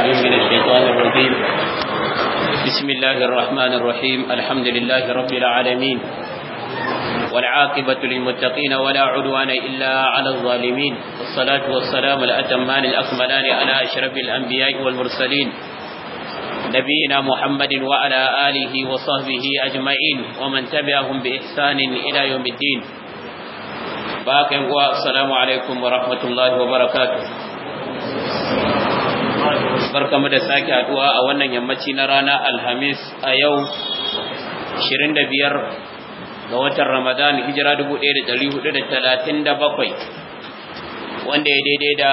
من الشيطان الرجيم بسم الله الرحمن الرحيم الحمد لله رب العالمين والعاقبة للمتقين ولا عدوان إلا على الظالمين والصلاة والسلام الأتمان الأكملان على أشرف الأنبياء والمرسلين نبينا محمد وعلى آله وصحبه أجمعين ومن تبعهم بإحسان إلى يوم الدين باقي السلام عليكم ورحمة الله وبركاته mu da sake haduwa a wannan yammaci na rana alhamis a yau 25 ga watan ramadan hijira 1437 wanda ya daidai da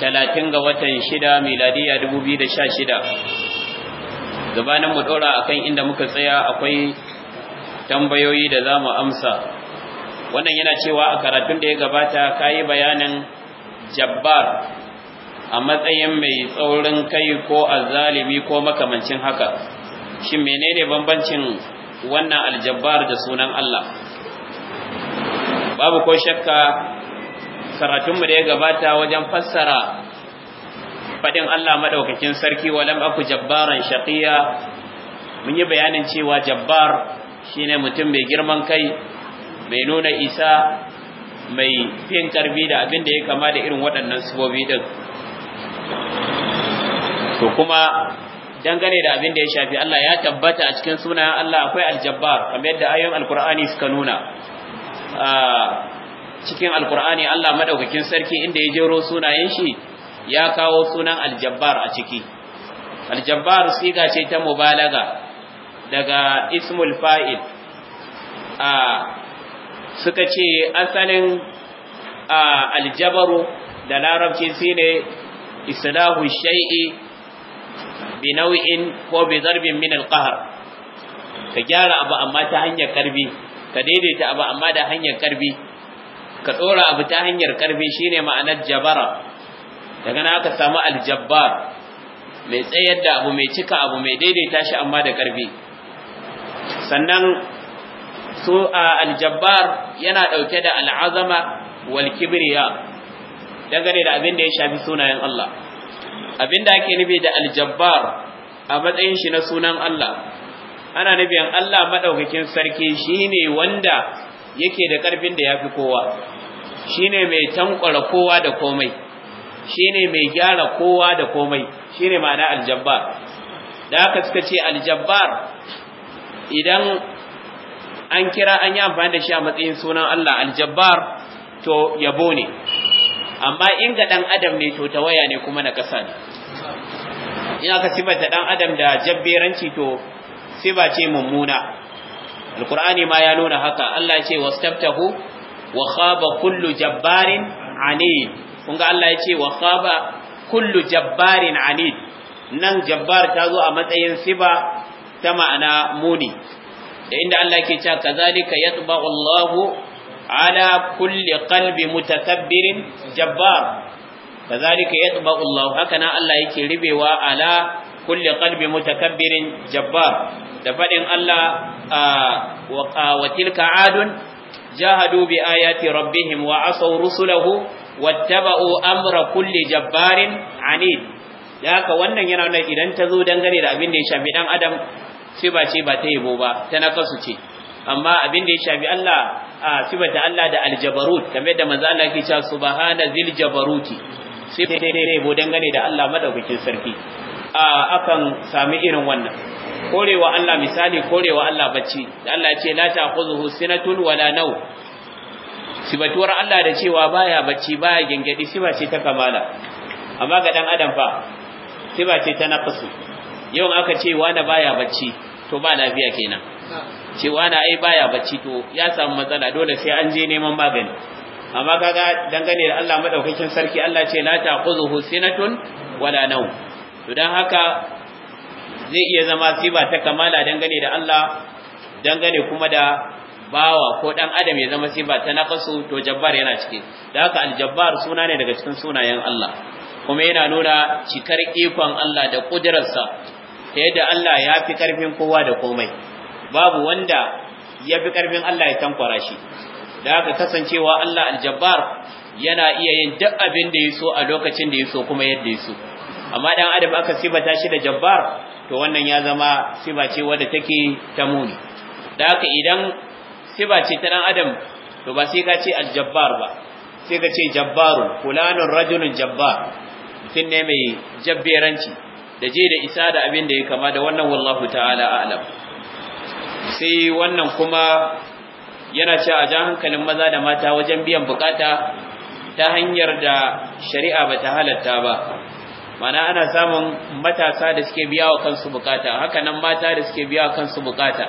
30 ga watan 6 miladiya 2016 gabanin mu dora akan inda muka tsaya akwai tambayoyi da za mu amsa wannan yana cewa a karatun da ya gabata kayi bayanin jabbar a matsayin mai tsaurin kai ko azzalimi ko makamancin haka shi menene bambancin wannan aljabbar da sunan Allah babu ko shakka karatunmu da ya gabata wajen fassara faɗin Allah madaukakin sarki walam aku jabbaran shaqiya mun yi bayanin cewa jabbar shine mutum mai girman kai mai nuna isa mai fin karbi da abin da ya kama da irin waɗannan subobi din to kuma dangane da abin da ya shafi Allah ya tabbata a cikin sunayen Allah akwai aljabbar kamar yadda ayoyin alkur'ani suka nuna A cikin alkur'ani Allah madaukakin sarki inda ya jero sunayen shi ya kawo sunan aljabbar a ciki aljabbar siga ce ta mubalaga daga ismul fa'il a suka ce asalin aljabaru da larabci shine islahu shay'i bi nau'in ko bi zarbin min alqahr ka gyara abu amma ta hanyar karbi ka daidaita abu amma da hanyar karbi ka dora abu ta hanyar karbi shine ma'anar jabara daga nan aka samu aljabbar mai tsayar da abu mai cika abu mai daidaita shi amma da karbi sannan su aljabbar yana dauke da al'azama wal kibriya dangane da abin da ya shafi sunayen Allah abinda ake nufi da aljabbar a matsayin shi na sunan Allah ana nufin Allah madaukakin sarki shine wanda yake da karfin da ya fi kowa shine mai tankwara kowa da komai shine mai gyara kowa da komai shine ma'ana aljabbar da haka suka ce aljabbar idan an kira an yi amfani da shi a matsayin sunan Allah aljabbar to yabo ne amma in ga dan adam ne to ta waya ne kuma na kasa ne ina ka sifata dan adam da jabberanci to siba ce mummuna alqur'ani ma ya nuna haka Allah ya ce wastaftahu wa khaba kullu jabbarin anid kun ga Allah ya ce wa khaba kullu jabbarin anid nan jabbar ta zo a matsayin siba ta ma'ana muni da inda Allah ke cewa kazalika yatba'u Allahu ala kulli qalbi mutakabbirin jabbar kazalika yatba'u Allah haka nan Allah yake ribewa ala kulli qalbi mutakabbirin jabbar da faɗin Allah wa tilka adun jahadu bi ayati rabbihim wa asaw rusulahu wattaba'u amra kulle jabbarin anid da haka wannan yana nuna idan ta zo dangane da abin da ya shafi dan adam ce ba ce ba ta yabo ba ta nakasu ce amma abin da ya shafi Allah a sifanta Allah da aljabarut kamar da manzo Allah yake cewa subhana zil jabaruti sai dai bo dangane da Allah madaukakin sarki a akan sami irin wannan korewa Allah misali korewa Allah bacci da Allah ce la ta'khuzuhu sinatun wala naw sibatuwar Allah da cewa baya bacci baya gengedi siba ce ta kamala amma ga dan adam fa siba ce ta naqsu yau aka ce wani baya bacci to ba lafiya kenan cewa na ai baya bacci to ya samu matsala dole sai an je neman magani amma kaga dangane da Allah madaukakin sarki Allah ce la taquzuhu sinatun wala naw to dan haka zai iya zama siba ta kamala dangane da Allah dangane kuma da bawa ko dan adam ya zama siba ta naqasu to jabbar yana ciki da haka aljabbar suna ne daga cikin sunayen Allah kuma yana nuna cikar ikon Allah da kudirarsa ta yadda Allah ya fi karfin kowa da komai babu wanda ya fi ƙarfin Allah ya tankwara shi da aka kasancewa Allah aljabbar yana iya yin duk abin da ya so a lokacin da ya so kuma yadda ya so amma dan adam aka sibata shi da jabbar to wannan ya zama sibace ce wadda take ta muni da aka idan sibace ta dan adam to ba sai ka ce aljabbar ba sai ka ce jabbaru fulanun rajulun jabbar mutum ne mai jabberanci da je da isa da abin da ya kama da wannan wallahu ta'ala a'lam sai wannan kuma yana ce a jan hankalin maza da mata wajen biyan bukata ta hanyar da shari'a ba ta halatta ba mana ana samun matasa da suke biya wa kansu bukata hakanan mata da suke biya wa kansu bukata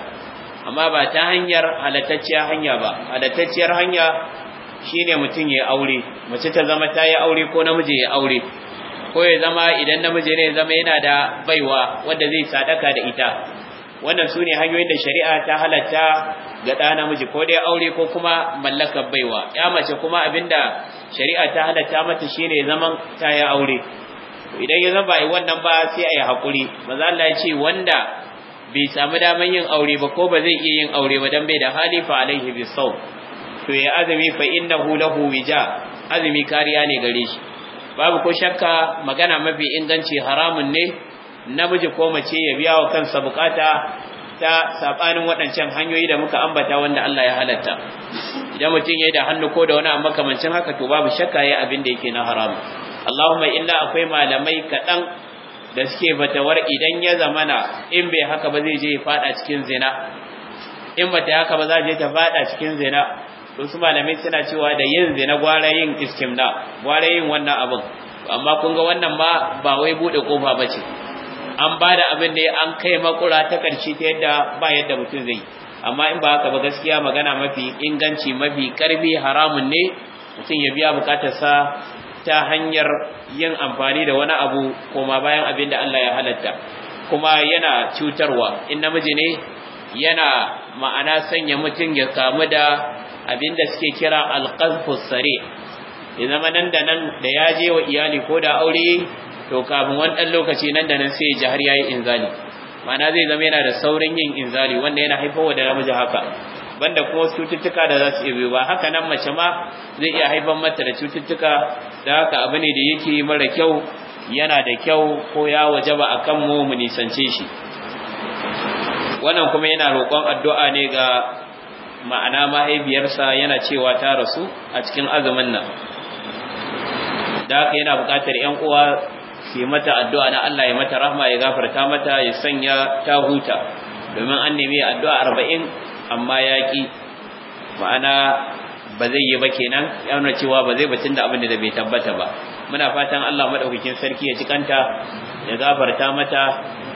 amma ba ta hanyar halattacciyar hanya ba halattacciyar hanya shine mutum ya aure mace ta zama ta yi aure ko namiji ya aure ko ya zama idan namiji ne zama yana da baiwa wanda zai sadaka da ita wannan su ne hanyoyin da shari'a ta halatta ga ɗa namiji ko dai aure ko kuma mallakar baiwa ya mace kuma abin da shari'a ta halatta mata shine zaman ta ya aure idan ya zama wannan ba sai a yi haƙuri maza Allah ya ce wanda bai samu daman yin aure ba ko ba zai iya yin aure ba dan bai da hali fa alaihi sau to ya azumi fa innahu lahu wija azumi kariya ne gare shi babu ko shakka magana mafi inganci haramun ne namiji ko mace ya biya wa kansa bukata ta sabanin waɗancan hanyoyi da muka ambata wanda Allah ya halatta idan mutum yayi da hannu ko da wani amma kamancin haka to babu shakka yayi abin da yake na haram Allahumma illa akwai malamai kaɗan da suke fatawar idan ya zamana in bai haka ba zai je ya fada cikin zina in bata haka ba za je ta fada cikin zina wasu malamai suna cewa da yin zina gwara yin iskimna gwara yin wannan abin amma kun ga wannan ma ba wai bude kofa bace an ba da abin da an kai makura ta ƙarshe ta yadda ba yadda mutum zai amma in ba haka ba gaskiya magana mafi inganci mafi ƙarfi haramun ne mutum ya biya sa ta hanyar yin amfani da wani abu koma bayan abin da Allah ya halatta kuma yana cutarwa in namiji ne yana ma'ana sanya mutum ya kamu da abin da suke kira alqazfus sare ya zama nan da nan da ya je wa iyali ko da aure to kafin wani ɗan lokaci nan da nan sai ya ji yayi inzali ma'ana zai zama yana da saurin yin inzali wanda yana haifarwa da namiji haka banda kuma cututtuka da za su iya biyu ba haka nan mace ma zai iya haifar mata da cututtuka da haka abu ne da yake mara kyau yana da kyau ko ya ba akan mu mu nisance shi wannan kuma yana roƙon addu'a ne ga ma'ana mahaifiyarsa yana cewa ta rasu a cikin azumin nan da haka yana buƙatar 'yan uwa sai mata addu'a na Allah ya mata rahma ya gafarta mata ya sanya ta huta domin an nemi addu'a arba'in, amma yaki ma'ana ba zai yi ba kenan ya nuna cewa ba zai batun da abin da bai tabbata ba muna fatan Allah madaukakin sarki ya cikanta ya gafarta mata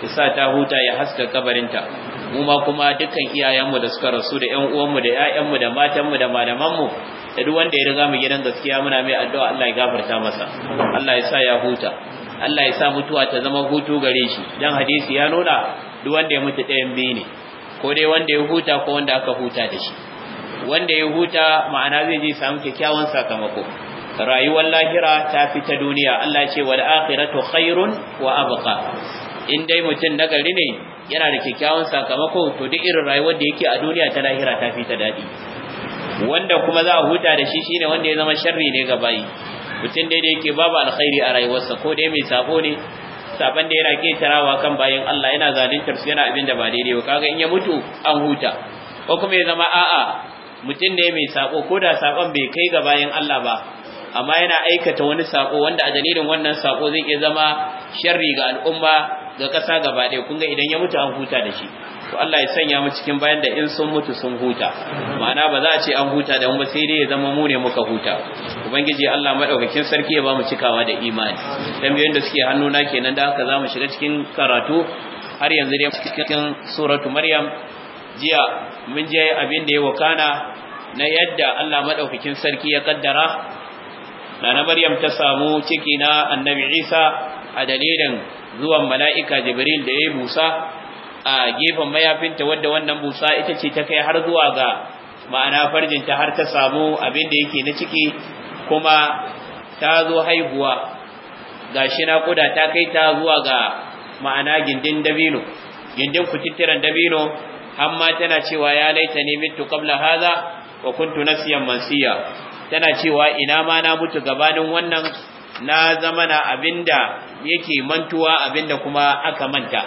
ya sa ta huta ya haska kabarinta mu ma kuma dukkan iyayenmu da suka rasu da ƴan uwanmu da ƴaƴanmu da matanmu da malamanmu da duk wanda ya riga mu gidan gaskiya muna mai addu'a Allah ya gafarta masa Allah ya sa ya huta Allah ya sa mutuwa ta zama hutu gare shi dan hadisi ya nuna duk wanda ya mutu ɗayan biyu ne ko dai wanda ya huta ko wanda aka huta da shi wanda ya huta ma'ana zai je samu kyakkyawan sakamako rayuwar lahira ta fi ta duniya Allah ce wal akhiratu khairun wa abqa in dai mutum nagari ne yana da kyakkyawan sakamako to duk irin rayuwar da yake a duniya ta lahira ta fi ta dadi wanda kuma za a huta da shi shine wanda ya zama sharri ne ga bayi mutum daidai yake babu alkhairi a rayuwarsa ko dai mai sabo ne saban da yana ketarawa kan bayan Allah yana zaluntar su yana abin da ba daidai ba kaga in ya mutu an huta ko kuma ya zama a'a mutum ne mai sako ko da sakan bai kai ga bayan Allah ba amma yana aikata wani sako wanda a dalilin wannan sako zai iya zama sharri ga al'umma ga kasa gaba ɗaya kun ga idan ya mutu an huta da shi to Allah ya sanya mu cikin bayan da in sun mutu sun huta ma'ana ba za a ce an huta da mu ba sai dai ya zama mu ne muka huta ubangiji Allah madaukakin sarki ya ba mu cikawa da imani tambayoyin da suke hannu na kenan da haka zamu shiga cikin karatu har yanzu dai cikin suratu maryam jiya mun je abin da ya wakana na yadda Allah madaukakin sarki ya kaddara Nana Maryam ta samu ciki na Annabi Isa a dalilin zuwan mala'ika Jibril da ya busa a gefen mayafinta wadda wannan busa ita ce ta kai har zuwa ga ma'ana farjinta har ta samu abin da yake na ciki kuma ta zo haihuwa gashi kuda ta kai ta zuwa ga ma'ana gindin dabino gindin kutittiran dabino amma tana cewa ya laita ne mitu haza, hadha wa kuntu nasiyan mansiya tana cewa ina ma na mutu gabanin wannan na zama na abinda yake mantuwa abinda kuma aka manta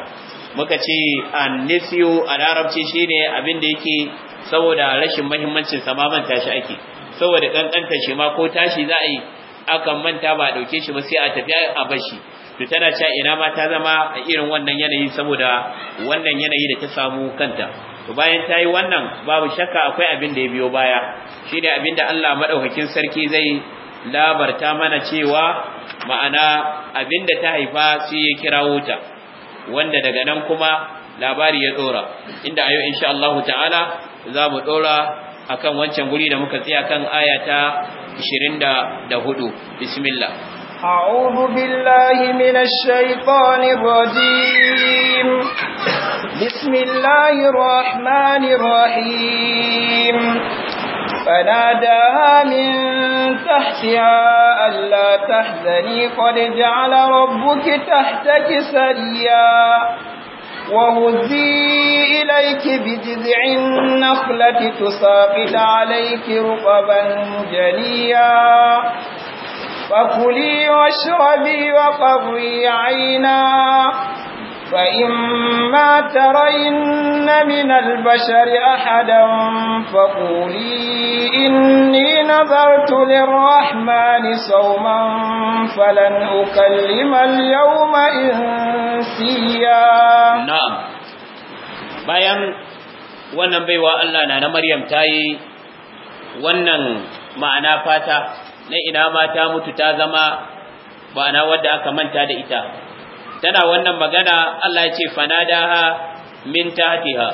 muka ce an nisiyo a larabci shine abinda yake saboda rashin muhimmancin samamanta ma shi ake saboda ɗanɗanta shi ma ko tashi za a yi akan manta ba a ɗauke shi ba sai a tafi a bashi to tana cewa ina ma ta zama a irin wannan yanayi saboda wannan yanayi da ta samu kanta to bayan ta yi wannan babu shakka akwai abin da ya biyo baya shine abin da Allah madaukakin sarki zai labarta mana cewa ma'ana abin da ta haifa sai ya kirawo ta wanda daga nan kuma labari ya dora inda ayo insha Allah ta'ala za mu dora akan wancan guri da muka tsaya kan ayata 24 bismillah a'udhu billahi minash shaitanir rajim bismillahir rahmanir rahim فناداها من تحتها ألا تحزني قد جعل ربك تحتك سريا وهزي إليك بجذع النخلة تساقط عليك رطبا جليا فكلي واشربي وقضي عينا فإما ترين من البشر أحدا فقولي إني نذرت للرحمن صوما فلن أكلم اليوم إنسيا نعم bayan wannan baiwa Allah na na Maryam ta yi wannan ma'ana fata na ina ma ta mutu ta zama ma'ana wadda aka manta da ita tana wannan magana Allah ya ce fanadaha min tahtiha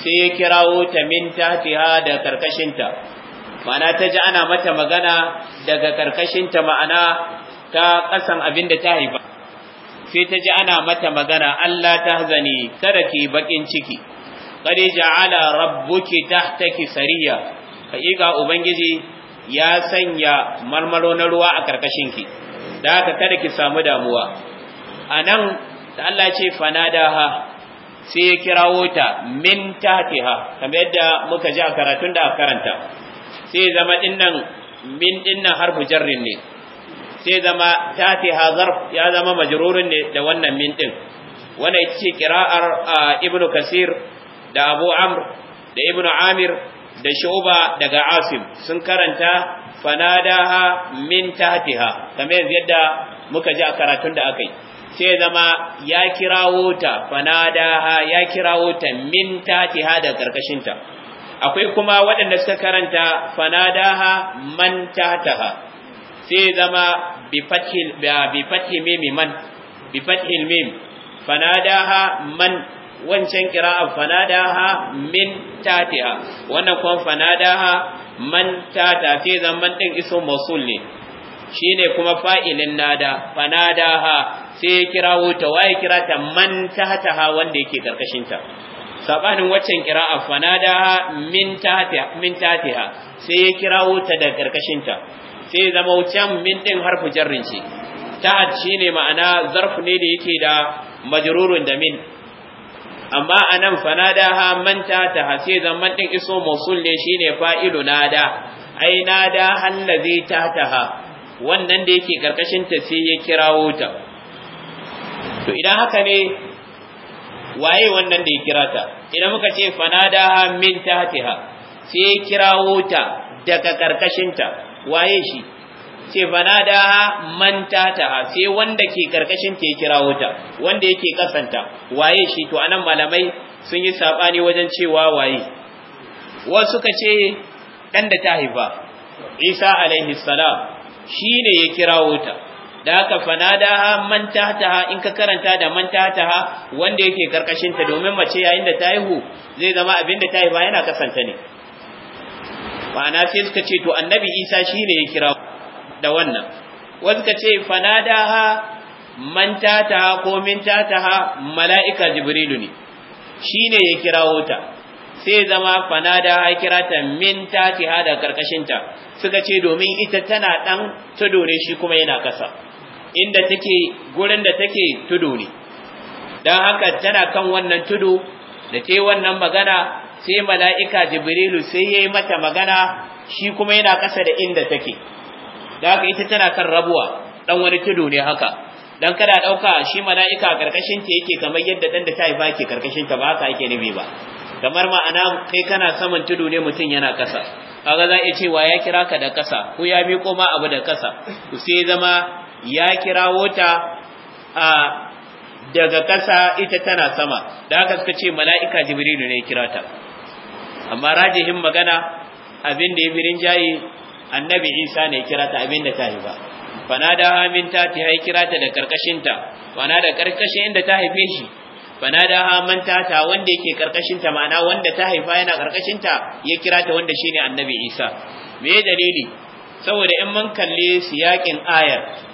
sai ya kirawo ta min tahtiha da ta ma'ana ta ji ana mata magana daga ta ma'ana ta kasan abin da ta haifa sai ta ji ana mata magana Allah ta hazani kada ki bakin ciki kada ja'ala rabbuki tahtaki sariya haƙiƙa ubangiji ya sanya marmaro na ruwa a karkashinki da haka kada ki samu damuwa anan da Allah ya ce fanadaha sai ya kirawo ta min tahtiha kamar yadda muka ji a karatun da karanta sai zama dinnan min dinnan harfu jarrin ne sai zama tahtiha zarf ya zama majrurin ne da wannan min din wannan ita ce kira'ar ibnu kasir da abu amr da ibnu amir da shuba daga asim sun karanta fanadaha min tahtiha kamar yadda muka ji a karatun da aka yi sai zama ya kirawo ta fanadaha ya kirawo ta min tatiha da karkashinta akwai kuma waɗanda suka karanta fanadaha man tataha sai zama bi fathil bi fathi mim man bi fathil mim fanadaha man wancan kira'a fanadaha min tatiha wannan kuma fanadaha man tata sai zaman din iso mausul ne shine kuma fa'ilin nada fanadaha sai ya kirawo ta waye kira ta man ha wanda yake karkashin ta sabanin waccan a fanada min tahtiha min sai ya kirawo ta da karkashin ta sai zama wucan min din harfu jarrin ce ta'ad shine ma'ana zarf ne da yake da majrurun da min amma anan ha man tahtaha sai zaman din iso mausul ne shine fa'ilu nada ai nada allazi tahtaha wannan da yake karkashin ta sai ya kirawo ta to idan haka ne waye wannan da ya kira ta idan muka ce fanadaha min tahtiha sai ya kirawo ta daga ta waye shi ce fanadaha man tahtaha sai wanda ke karkashin ta ya kirawo ta wanda yake kasanta waye shi to anan malamai sun yi sabani wajen cewa waye wasu suka ce dan da ta haifa Isa alaihi salam shine ya kirawo ta da haka ha man tahtaha in ka karanta da man tahtaha wanda yake karkashin ta domin mace yayin da ta haihu zai zama abin da ta haifa yana kasanta ne ma'ana sai suka ce to annabi isa shine ya kira da wannan wasu ka ce ha man tahtaha ko min tahtaha mala'ika jibrilu ne shine ya kirawo ta sai zama fanada ya kira ta min ha da ta, suka ce domin ita tana dan tudo ne shi kuma yana kasa inda take gurin da take tudu ne dan haka tana kan wannan tudu da ce wannan magana sai mala'ika jibrilu sai ya yi mata magana shi kuma yana ƙasa da inda take da haka ita tana kan rabuwa Ɗan wani tudu ne haka dan kada ɗauka, shi mala'ika karkashin ta yake kamar yadda dan da ta haifa ke karkashin ta ba haka yake nufi ba kamar ma'ana kai kana saman tudu ne mutum yana kasa kaga za a ce wa ya kira ka da kasa ko ya miƙo ma abu da kasa to sai zama ya kirawo ta a daga ƙasa ita tana sama da haka suka ce mala'ika jibrilu ne kira ta amma rajihin magana abin da ya birin jayi annabi isa ne kira ta abin da ta haifa da amin ta ta hai kira ta da ƙarƙashinta. wana da karkashin inda ta haife shi da amin ta ta wanda yake ta, ma'ana wanda ta haifa yana ta, ya kira ta wanda shine annabi isa me dalili saboda in mun kalle siyakin ayar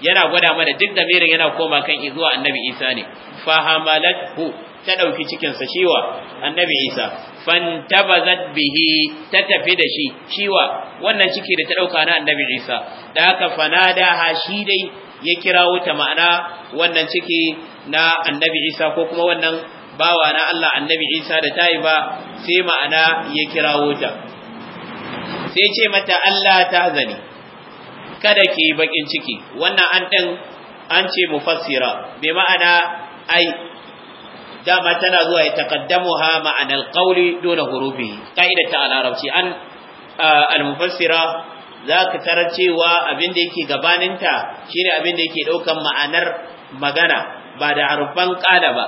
yana gwada mana duk da mirin yana koma kan zuwa annabi isa ne fahamalathu ta dauki cikin sa shiwa annabi isa fantabazat bihi ta tafi da shi shiwa wannan ciki da ta dauka na annabi isa da haka fanada ha shi dai ya kira wuta ma'ana wannan ciki na annabi isa ko kuma wannan bawa na Allah annabi isa da ta tayi ba sai ma'ana ya kira wuta sai ce mata Allah ta zani kada ki yi bakin ciki wannan an ɗin an ce mufassira bai ma'ana ai dama tana zuwa ya taƙaddamu ha ma'anar ƙauli dole hurufi ƙa'ida ta al'arabci an al-mufassira za ka tara cewa abin da yake gabaninta shine abin da yake ɗaukan ma'anar magana ba da harfan ƙala ba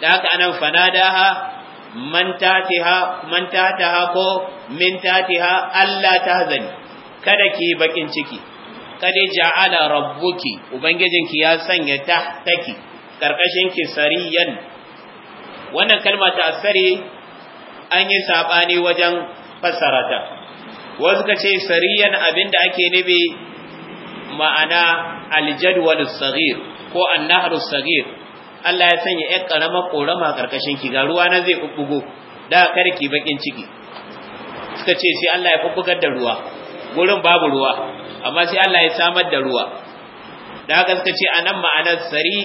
da haka anan fanadaha man tatiha man ha ko min tatiha Allah tahzani kada ki bakin ciki qad ja'ala rabbuki ubangijinki ya sanya taki karkashin ki sariyan wannan kalma ta asari an yi sabani wajen fassara ta wasu ka ce sariyan abinda ake nufi ma'ana aljadwal saghir ko annahru saghir Allah ya sanya ƴan ƙaramar ƙorama karkashin ki ga ruwa na zai bubbugo da karki bakin ciki suka ce sai Allah ya bubbugar da ruwa gurin babu ruwa amma sai Allah ya samar da ruwa da haka ce anan ma'anar sari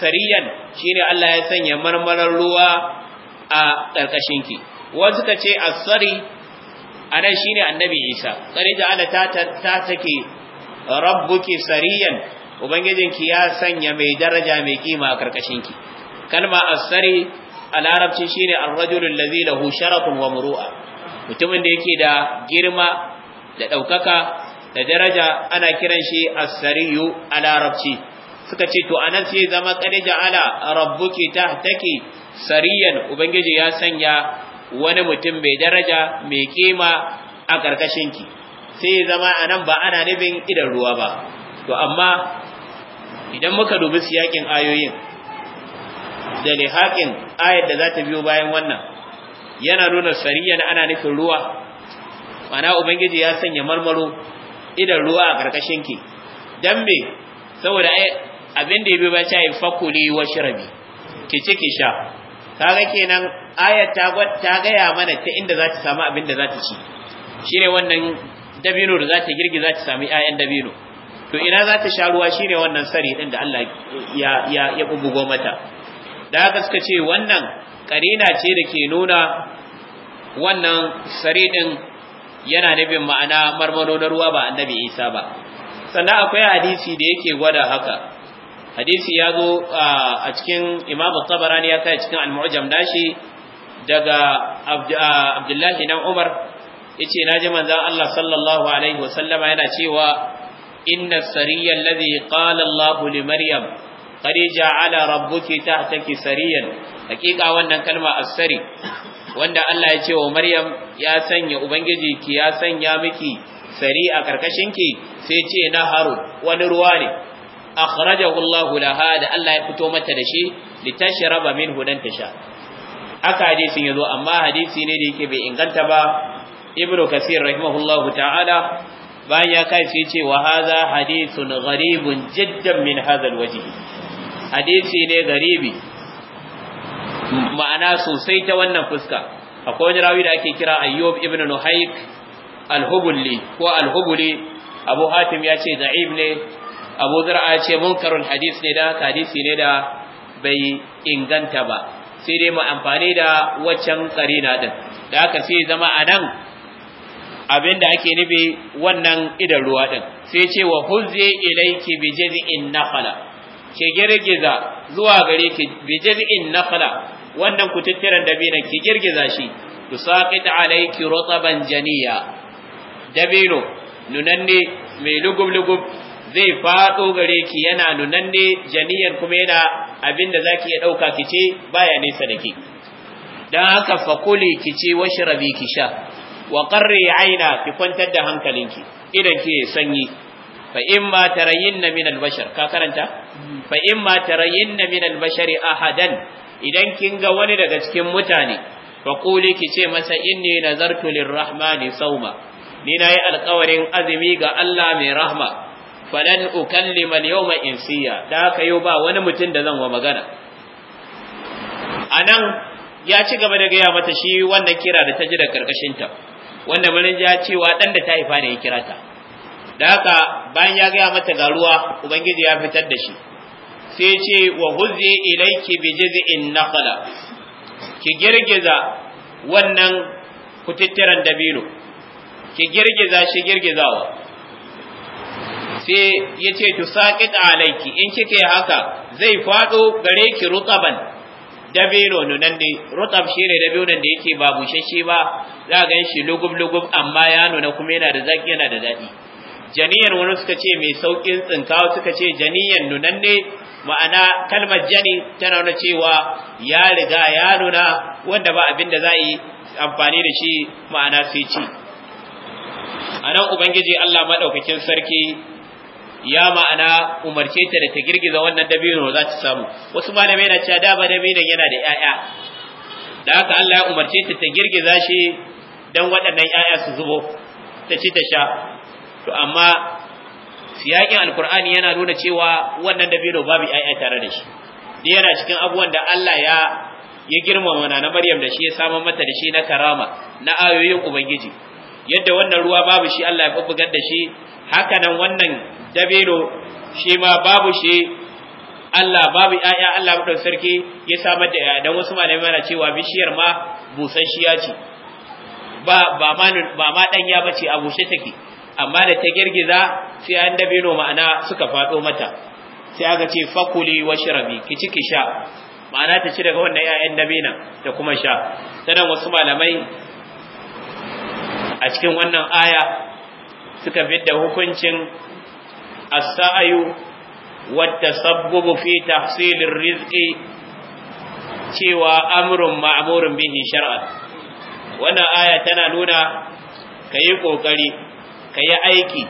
sariyan shine Allah ya sanya marmarar ruwa a karkashin ki wasu suka ce asari anan shine annabi Isa sari da Allah ta ta take rabbuki sariyan ki ya sanya mai daraja mai kima a karkashin ki kalma asari sari a larabci shine ar-rajul alladhi lahu sharafun wa muru'a mutumin da yake da girma da daukaka da daraja ana kiran shi as-sariyu a larabci suka ce to anan sai zama da ala rabbuki take sariyan ubangiji ya sanya wani mutum mai daraja mai kima a karkashin ki sai zama anan ba ana nufin idan ruwa ba to amma idan muka dubi siyakin ayoyin da lihaƙin ayar da za ta biyo bayan wannan yana nuna sariyan ana nufin ruwa mana ubangiji ya sanya marmaro idan ruwa a karkashin ki dan me saboda abin da yabi ba ta yi fakuli wa shirabi ki ci ki sha kaga kenan ayat ta ta gaya mana ta inda za ta samu abin da za ta ci shine wannan dabino da za ta za ta samu 'ya'yan dabino to ina za ta sha ruwa shine wannan sari din da Allah ya ya ya bubugo mata da haka suka ce wannan karina ce da ke nuna wannan sari din yana nufin ma'ana marmaro na ruwa ba annabi isa ba sannan akwai hadisi da yake gwada haka hadisi ya zo a cikin imam tabarani ya kai cikin al-mu'jam dashi daga abdullahi na umar yace naji manzon Allah sallallahu alaihi wasallama yana cewa inna sariyya alladhi qala Allah li maryam qad ja'ala rabbuki tahtaki sariyan hakika wannan kalma asari wanda Allah ya ce wa Maryam ya sanya ubangiji ki ya sanya miki sari a karkashin ki sai ce naharu wani ruwa ne akhrajahu Allah laha da Allah ya fito mata da shi litashraba minhu dan tasha aka hadisin yazo amma hadisi ne da yake bai inganta ba ibnu kasir rahimahullahu ta'ala bayan ya kai sai ce wa hadha hadithun gharibun jiddan min hadha alwajh hadisi ne garibi ma'ana sosai ta wannan fuska akwai wani rawi da ake kira ayyub ibn nuhaik alhubuli ko alhubuli abu hatim ya ce da'ib ne abu zur'a ce munkarun hadis ne da hadisi ne da bai inganta ba sai dai mu amfani da waccan karina din da aka sai zama anan abinda ake nufi wannan idan ruwa din sai ce wa huzzi ilayki bi in nakhala ke girgiza zuwa gare ki bi jaz'in nakhla wannan kututturen dabino ki girgiza shi saqit alayki rutaban janiya dabino nunanne mai lugub lugub zai fado gare ki yana nunanne janiyar kuma yana abinda zaki ya dauka ki ce baya nesa da ki dan haka fakuli ki ce washrabi ki sha wa qarri aina ki kwantar da hankalinki idan ki sanyi fa in ma tarayinna min albashar ka karanta mm. fa in ma tarayinna min albashari ahadan idan kin ga wani daga cikin mutane fa kuli ki ce masa inni nazartu lirrahmani sawma ni nayi alƙawarin azumi ga Allah mai rahma falan ukallima al-yawma insiya da ka yau ba wani mutum da zan wa magana anan ya ci gaba da gaya mata shi wannan kira da ta ji da karkashinta wanda mun ji cewa dan da ta haifa ne ya kira ta da haka bayan ya gaya mata ga ruwa ubangiji ya fitar da shi sai ce wa huzzi ilayki bi jiz'in naqla ki girgiza wannan kututturan dabino ki girgiza shi girgizawa sai ya ce saqit alayki in kike haka zai fado gare ki rutaban dabino nan ne rutab shine dabinon da yake ba bushashe ba za ga shi lugub lugub amma ya nuna kuma yana da zaki yana da dadi. janiyan wani suka ce mai saukin tsinkawa suka ce janiyan nunanne ma'ana kalmar jani tana nuna cewa ya riga ya nuna wanda ba abin da za yi amfani da shi ma'ana sai ci a nan ubangiji allah maɗaukakin sarki ya ma'ana umarce ta da ta girgiza wannan dabino za ta samu wasu malamai na cewa ba dabinon yana da 'ya'ya da haka allah ya umarce ta ta girgiza shi don waɗannan 'ya'ya su zubo ta ci ta sha to amma siyakin alkur'ani yana nuna cewa wannan dabino babu 'ya'ya tare da shi dai yana cikin abubuwan da Allah ya ya girmama na na Maryam da shi ya samu mata da shi na karama na ayoyin ubangiji yadda wannan ruwa babu shi Allah ya bubbugar da shi haka nan wannan dabino shi ma babu shi Allah babu 'ya'ya, Allah madaukakin sarki ya samar da ƴaƴa dan wasu malamai mana cewa bishiyar ma busasshiya ce ba ba ma ba ma danya bace a bushe take amma da ta girgiza sai an dabino ma'ana suka faɗo mata sai aka ce fakuli shirabi ki ci ki sha ma'ana ta ci daga wannan 'ya'yan dabina da kuma sha sanan wasu malamai a cikin wannan aya suka fidda hukuncin as-sa'yu wadda tasabbubu fi tahsilir rizqi cewa amrun ma'murun bihi shar'an wannan aya tana nuna kayi kokari ka yi aiki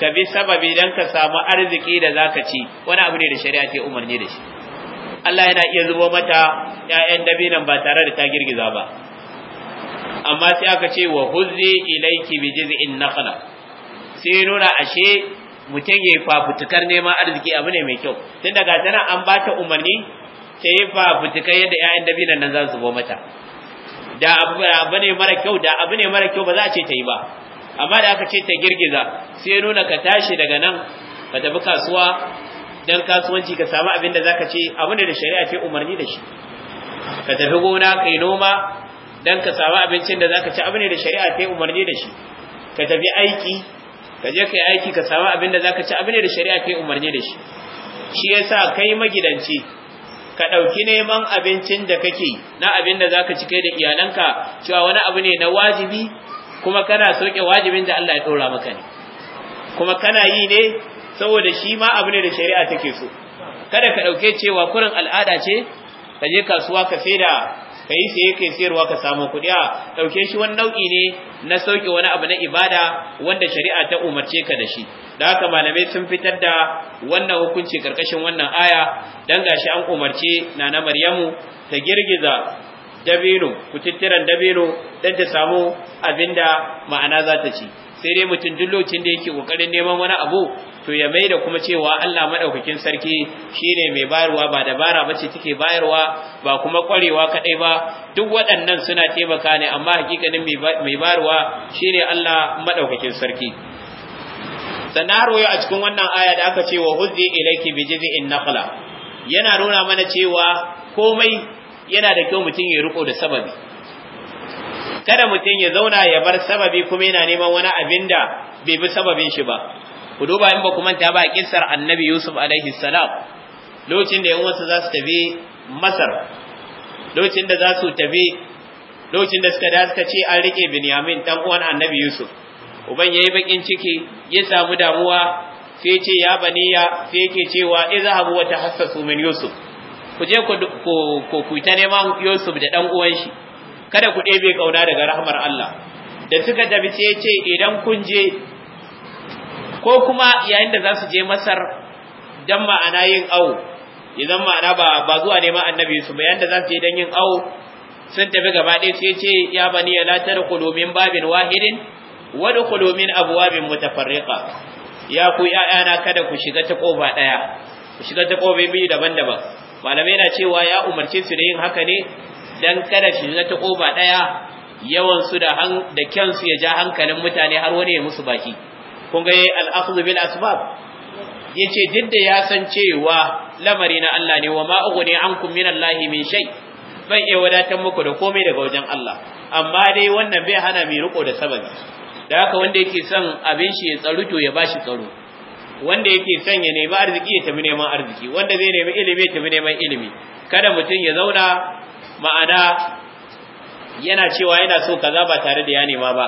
ka bi sababi don ka samu arziki da za ka ci wani abu ne da shari'a ke umarni da shi Allah yana iya zubo mata ‘ya'yan dabinan ba tare da ta girgiza ba amma sai aka ce wa huzzi ilaiki bi jiz'in nakhla sai nuna ashe mutum yayi fafutukar neman arziki abu ne mai kyau tun daga tana an ba ta umarni ta yi fafutukar yadda ‘ya'yan dabinan nan za su zubo mata da da abu ne mara kyau ba za a ce ta yi ba amma da aka ce ta girgiza sai ya nuna ka tashi daga nan ka tafi kasuwa dan kasuwanci ka samu abin da zaka ce abu ne da shari'a ce umarni da shi ka tafi gona kai noma dan ka samu abincin da zaka ci abu ne da shari'a ce umarni da shi ka tafi aiki ka je kai aiki ka samu abin da zaka ci abu ne da shari'a ce umarni da shi shi yasa kai magidanci ka ɗauki neman abincin da kake na abin da zaka ci kai da iyalanka cewa wani abu ne na wajibi kuma kana soke wajibin da Allah ya ɗora maka ne kuma kana yi ne saboda shi ma abu ne da shari'a take so kada ka ɗauke cewa kurin al'ada ce ka je kasuwa ka saida ka yi saye ka sayarwa ka samu kuɗi a ɗauke shi wani nau'i ne na sauke wani abu na ibada wanda shari'a ta umarce ka da shi da haka malamai sun fitar da wannan hukunci karkashin wannan aya dan gashi an umarce na na Maryamu ta girgiza dabino ku kututturan dabino don ta samu abinda ma'ana za ta ci sai dai mutum duk lokacin da yake kokarin neman wani abu to ya mai da kuma cewa Allah madaukakin sarki shine mai bayarwa ba dabara bace take bayarwa ba kuma kwarewa kadai ba duk waɗannan suna taimaka ne amma hakikanin mai bayarwa shine Allah madaukakin sarki sannan har a cikin wannan aya da aka ce wa huzzi ilayki bi in naqla yana nuna mana cewa komai yana da kyau mutum ya riko da sababi kada mutum ya zauna ya bar sababi kuma yana neman wani abin da bai bi sababin shi ba ku duba in ba ku manta ba kissar annabi yusuf alaihi salam lokacin da yan za su tafi masar lokacin da za su tafi lokacin da suka da suka ce an rike binyamin dan uwan annabi yusuf uban yayi bakin ciki ya samu damuwa sai ce ya baniya sai yake cewa izhabu wa tahassasu min yusuf ku je ku ku ta neman Yusuf da dan uwan shi kada ku ɗebe kauna daga rahmar Allah da suka tafi ce ce idan kun je ko kuma yayin da za su je Masar dan ma'ana yin awo idan ma'ana ba ba zuwa neman annabi su yayin da za su je dan yin awo sun tafi gaba ɗaya sai ce ya bani ya latar kulumin babin wahidin abu kulumin abuwabin mutafarriqa ya ku ‘ya'yana kada ku shiga ta daya ku shiga ta biyu daban-daban malamai na cewa ya umarce su da yin haka ne dan kada shi na ta koba daya yawan su da han da kyan su ya ja hankalin mutane har wani ya musu baki kun ga al-akhdhu bil asbab yace duk da ya san cewa lamari na Allah ne wa ma ughni ankum min Allah min shay bai iya wadatar muku da komai daga wajen Allah amma dai wannan bai hana mai riko da sababi da haka wanda yake son abin shi ya tsaru to ya bashi tsaro wanda yake son ya nemi arziki ya tafi neman arziki wanda zai nemi ilimi ya tafi neman ilimi kada mutum ya zauna ma'ana yana cewa yana so kaza ba tare da ya nema ba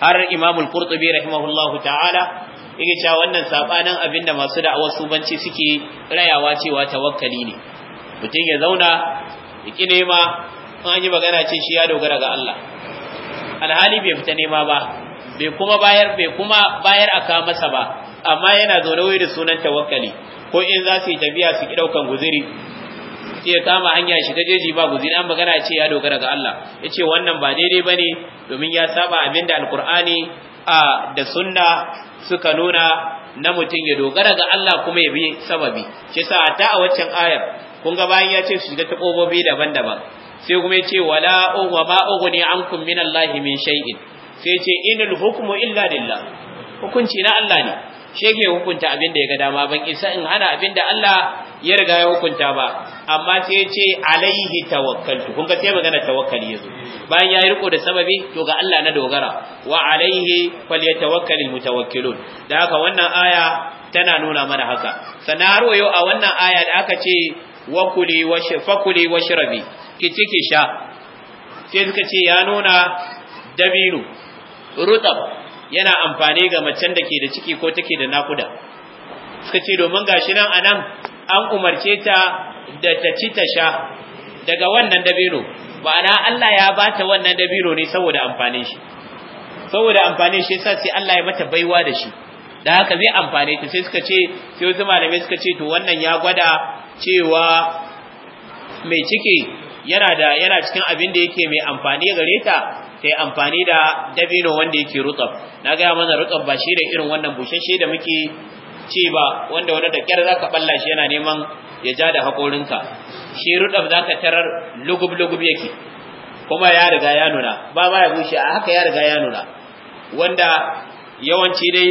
har imamul qurtubi rahimahullahu ta'ala yake cewa wannan sabanin abinda masu da wasu banci suke rayawa cewa tawakkali ne mutum ya zauna ya ki nema an yi magana ce shi ya dogara ga Allah alhali bai fita nema ba bai kuma bayar bai kuma bayar aka masa ba amma yana zaune wai da sunan tawakkali ko in za su yi tafiya su ki daukan guziri sai ya kama hanya shi ta jeji ba guziri an magana ya ce ya dogara ga Allah ya ce wannan ba daidai bane domin ya saba abin da alkur'ani a da sunna suka nuna na mutum ya dogara ga Allah kuma ya bi sababi shi sa ta a waccan ayar kun ga bayan ya ce su shiga ta kobobi daban-daban sai kuma ya ce wala wa ma ughni ankum min Allah min shay'in sai ya ce inal hukmu illa lillah hukunci na Allah ne shi ke hukunta abin da ya ga dama ban isa in hana abin da Allah ya riga ya hukunta ba amma sai ya ce alaihi tawakkaltu kun ga sai magana tawakkali yazo bayan ya yi riko da sababi to ga Allah na dogara wa alaihi falyatawakkalul mutawakkilun da haka wannan aya tana nuna mana haka sanaro yau a wannan aya da aka ce wakuli wa washrabi ki ci ki sha sai suka ce ya nuna dabino rutab yana amfani ga macen da ke da ciki ko take da nakuda suka ce domin gashi nan anan an umarce ta da ta ci ta sha daga wannan dabino ma'ana Allah ya bata wannan dabino ne saboda amfanin shi saboda amfanin shi sa, sai Allah ya mata baiwa da shi da haka zai amfane ta sai suka ce sai wasu malamai suka ce to wannan ya gwada cewa mai ciki yana da yana cikin abin da yake mai amfani gare ta Ka yi amfani da dabino wanda yake rutsaf na gaya mana rutsaf ba shi da irin wannan bushashe da muke ci ba wanda wani da kyar zaka balla shi yana neman ya ja da haƙorinka shi rutsaf zaka tarar lugub lugub yake kuma ya riga ya nuna ba ba ya bushe a haka ya riga ya nuna wanda yawanci dai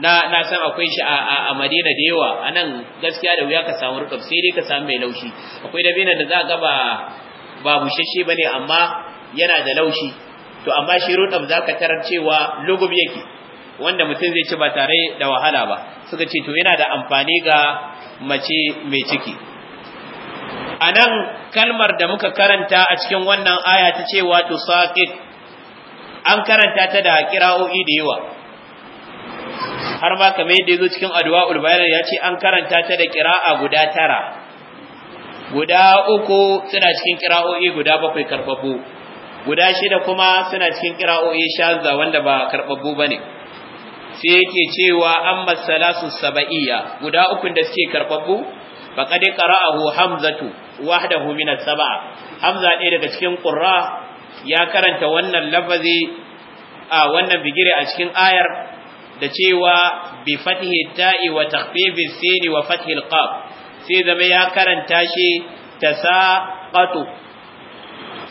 na na san akwai shi a a Madina da yawa anan gaskiya da wuya ka samu rutsaf sai dai ka samu mai laushi akwai dabinan da za ga ba ba bushashe bane amma yana da laushi to amma shi za zaka tarar cewa lugub yake wanda mutum zai ci ba tare da wahala ba suka ce to yana da amfani ga mace mai ciki a nan kalmar da muka karanta a cikin wannan aya ta cewa to saqit an karanta ta da kira'o'i da yawa har ma kamar yadda yazo cikin addu'a bayan ya ce an karanta ta da kira'a guda tara guda uku suna cikin kira'o'i guda bakwai karfafu guda shida kuma suna cikin kira'o'i shaza wanda ba karɓaɓɓu ba ne sai yake cewa matsala su saba'iyya guda ukun da suke karɓaɓɓu faqad qara'ahu hamzatu wahdahu min saba hamza ɗaya daga cikin ƙura ya karanta wannan lafazi a wannan bigire a cikin ayar da cewa bi fathi ta'i wa takhfifi Sini wa fathi al sai zama ya karanta shi tasaqatu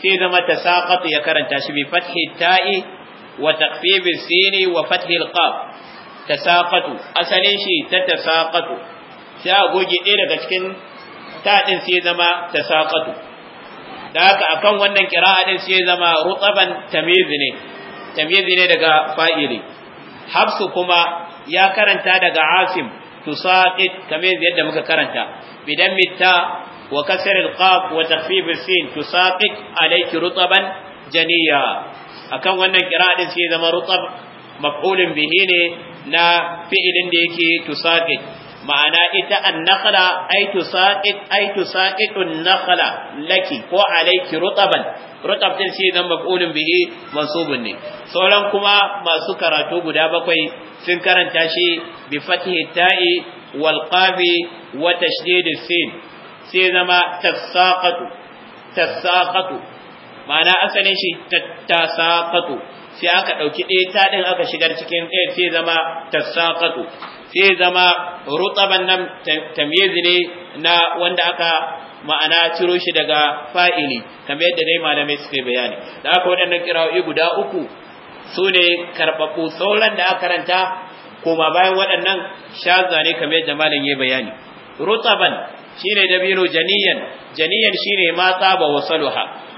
sai zama saƙatu ya karanta shi bi fathi ta'i wa taqfib sini wa fathi alqaf saƙatu asalin shi ta saƙatu. sai a goge ɗaya daga cikin ta ɗin sai zama ta tasaqatu da haka akan wannan qira'a din sai zama rutaban tamyiz ne tamyiz ne daga fa'ili hafsu kuma ya karanta daga asim tusaqit kamar yadda muka karanta bidan mitta wa kasr al-qaf wa takhfif al-sin tusaqit alayki janiya akan wannan qira'a sai zama rutab maf'ulun bihi ne na fi'ilin da yake tusaqit ma'ana ita an-nakhla ay tusaqit ay tusaqitun nakhla laki ko alayki rutaban rutab din sai zama maf'ulun bihi mansubun ne sauran kuma masu karatu guda bakwai sun karanta shi bi fathi ta'i wal qafi wa tashdid sin sai zama tasaqatu tasaqatu ma'ana asalin shi tasaqatu sai aka dauki ɗaya ta din aka shigar cikin dai sai zama tasaqatu sai zama rutaban nan tamyizi ne na wanda aka ma'ana ciro shi daga fa'ili kamar yadda dai malamai suke bayani da aka waɗannan kira'o'i guda uku su ne karɓaɓɓu sauran da aka karanta koma bayan waɗannan shazane zane kamar yadda malam ya bayani rutaban shine dabino janiyan janiyan shine ma tsaba wa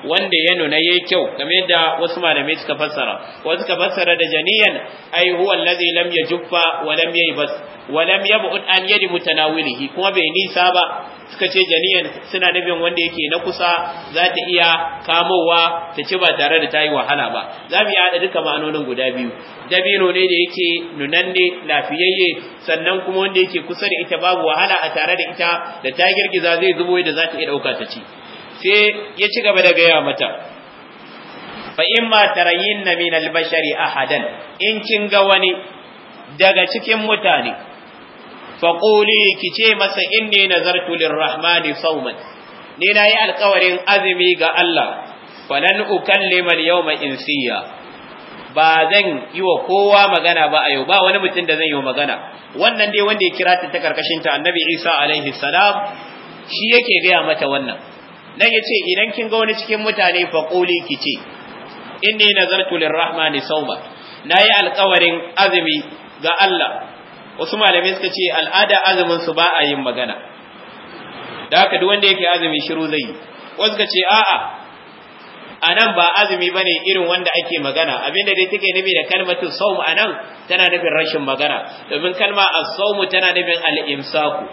wanda ya nuna yayi kyau kamar yadda wasu malamai suka fassara wasu suka fassara da janiyan ai huwa allazi lam yajuffa wa lam yaybas wa lam yab'ud an yadi mutanawilihi kuma bai nisa ba suka ce janiyan suna nufin wanda yake na kusa za ta iya kamowa ta ci ba tare da ta yi wahala ba za mu yi haɗa duka ma'anonin guda biyu dabino ne da yake nunanne lafiyayye sannan kuma wanda yake kusa da ita babu wahala a tare da ita da ta girgiza zai zubo da za ta iya ɗauka ta ci sai ya ci gaba da gaya mata fa in ma tarayin na min albashari ahadan in kin ga wani daga cikin mutane faƙuli ki ce masa inni nazartu lirrahmani sauman ni na yi alkawarin azumi ga Allah falan ukallima yawma insiya ba zan yi wa kowa magana ba a yau ba wani mutum da zan yi wa magana wannan dai wanda ya kira ta karkashin ta annabi Isa alaihi salam shi yake gaya mata wannan nan yace idan kin ga wani cikin mutane faƙuli ki ce inni nazartu lirrahmani sauman na yi alkawarin azumi ga Allah wasu malamai suka ce al'ada azumin su ba a yin magana da haka duk wanda yake azumi shiru zai yi wasu ka ce a'a a nan ba azumi ba ne irin wanda ake magana abinda dai take nufi da kalmatu saum a nan tana nufin rashin magana domin kalma a saumu tana nufin al'imsaku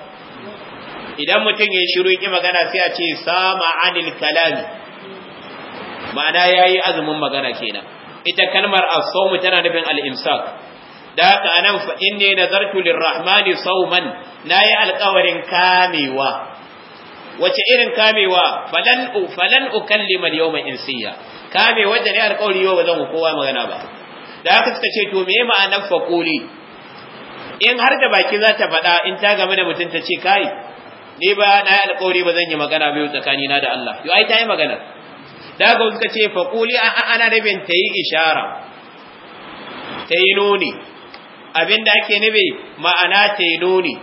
idan mutum ya shiru ki magana sai a ce sama anil kalami ma'ana ya yi azumin magana kenan ita kalmar a sawm tana nufin al-imsak da haka anan fa inni nazartu lirrahmani sauman nayi alƙawarin kamewa wace irin kamewa falan u falan ukallima al-yawma insiya kame wajen ne alƙawari yau bazan kowa magana ba da haka suka ce to meye ma'anar faquli in har da baki za ta faɗa in ta game da mutum ta ce kai ni ba na yi alƙawari ba zan yi magana biyu tsakanina da Allah yau ai ta yi magana da haka suka ce a ana rabin ta yi ishara ta yi nuni abin da ake nufi ma'ana telo ne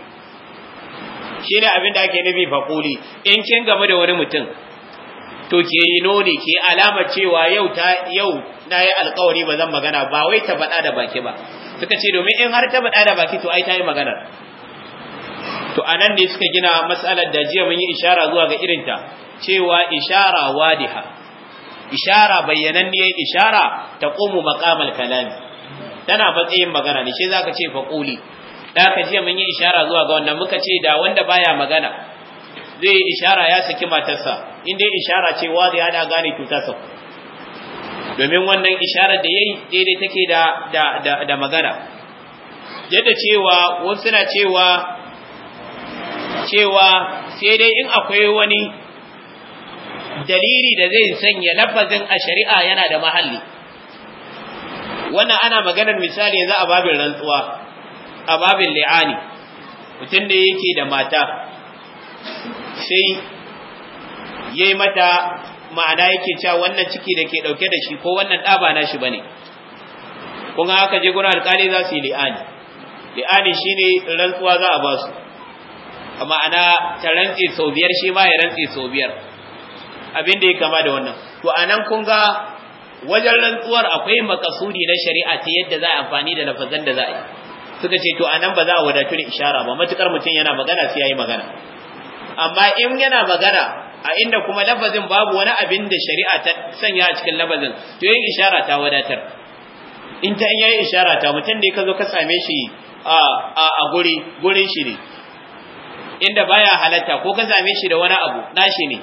shi ne abin da ake nufi faƙuli in kin gaba da wani mutum to ke yi noni ke alama cewa yau ta yau na yi alkawari ba zan magana ba wai ta faɗa da baki ba suka ce domin in har ta faɗa da baki to ai ta yi magana to anan ne suka gina matsalar da jiya mun yi ishara zuwa ga irin ta? cewa ishara wadiha ishara bayyananniyar ishara ta ƙomu maƙamal kalami tana matsayin magana ne shi zaka ce faquli da ka jiya mun yi ishara zuwa ga wannan muka ce da wanda baya magana zai yi ishara ya saki matarsa in ya ishara ce wa zai da gane cutar domin wannan isharar da yayi daidai take da da da magana yadda cewa wasu suna cewa cewa sai dai in akwai wani dalili da zai sanya lafazin a shari'a yana da mahalli wannan ana maganar misali yanzu a babin rantsuwa a babin li'ani mutum da yake da mata sai ya yi mata ma'ana yake cewa wannan ciki da ke dauke da shi ko wannan ɗa ba ne kuma kun haka je alkali alƙali za su yi li'ani li'ani ne rantsuwa za a ba su ma'ana ta rantsi sau biyar shi ma ya rantsi sau biyar abin da ya kama da wannan to anan kun ga wajen rantsuwar akwai makasudi na shari'a ta yadda za a amfani da lafazan da za a yi suka ce to anan ba za a wadatu da ishara ba matukar mutum yana magana sai yayi magana amma in yana magana a inda kuma lafazin babu wani abin da shari'a ta sanya a cikin lafazin to yin ishara ta wadatar in ta yayi ishara ta mutum da ka zo ka same shi a a guri gurin shi ne inda baya halatta ko ka same shi da wani abu nashi ne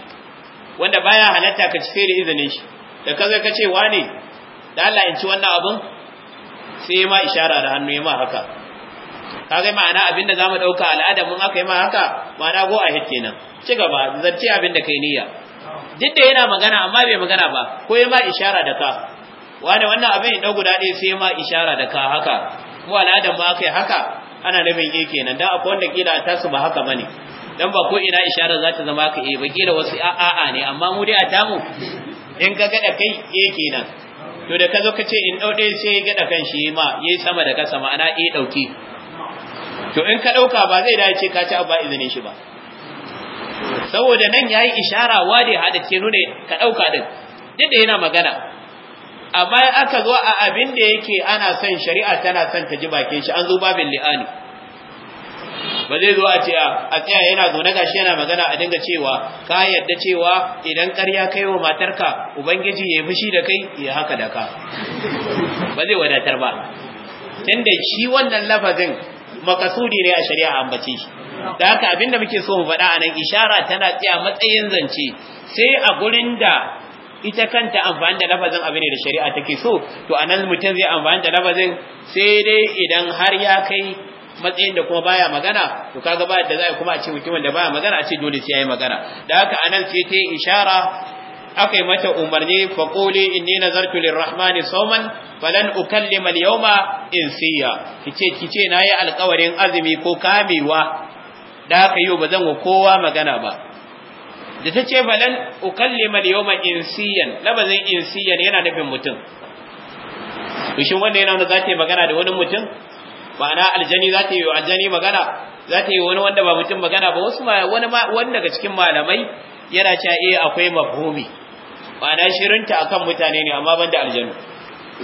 wanda baya halatta ka ci da izinin shi da kaza ka ce wane da Allah in ci wannan abin sai ma ishara da hannu ma haka kaga ma'ana abin da zamu dauka al'adar mun aka yi ma haka ma'ana go a hit kenan ci gaba zance abin da kai niyya duk da yana magana amma bai magana ba ko ya ma ishara da ka wani wannan abin in ɗau guda ɗaya sai ma ishara da ka haka mu al'adar ba aka yi haka ana nufin ke eh kenan dan akwai wanda kila ta su ba haka bane dan ba ko ina ishara za ta zama ka eh ba kila wasu a'a ne amma mu dai a tamu in ka gada kai e kenan to da ka zo ka ce in dau ɗaya sai ya gada kan shi ma ya yi sama da kasa ma'ana eh ɗauki to in ka ɗauka ba zai dace ka ci abba izinin shi ba saboda nan ya yi ishara wa da haɗa ce nuna ka ɗauka din duk da yana magana amma aka zo a abin da yake ana son shari'a tana son ta ji bakin shi an zo babin li'ani ba zai zo a ce a tsaya yana zo zaune gashi yana magana a dinga cewa ka yadda cewa idan ƙarya kai wa matarka ubangiji ya fushi da kai ya haka da ka ba zai wadatar ba tunda shi wannan lafazin makasudi ne a shari'a ambaci. shi da haka abinda muke so mu faɗa a nan ishara tana tsaya matsayin zance sai a gurin da ita kanta amfani da lafazin abu ne da shari'a take so to anan mutum zai amfani da lafazin sai dai idan har ya kai matsayin da kuma baya magana to kaga ba yadda za kuma a ce mutumin da baya magana a ce dole sai yayi magana da haka anan sai ta ishara akai mata umarni fa quli inni nazartu lirrahmani sawman falan ukallima alyawma insiya kice kice nayi alƙawarin azumi ko kamewa da haka yau bazan wa kowa magana ba da ta ce falan ukallima alyawma yawma insiyan labazin insiyan yana nufin mutum shin wanda yana wanda za ta yi magana da wani mutum ma'ana aljani za ta yi aljani magana za ta yi wani wanda ba mutum magana ba wasu wani wani daga cikin malamai yana cewa eh akwai mafhumi ma'ana shirinta akan mutane ne amma banda aljanu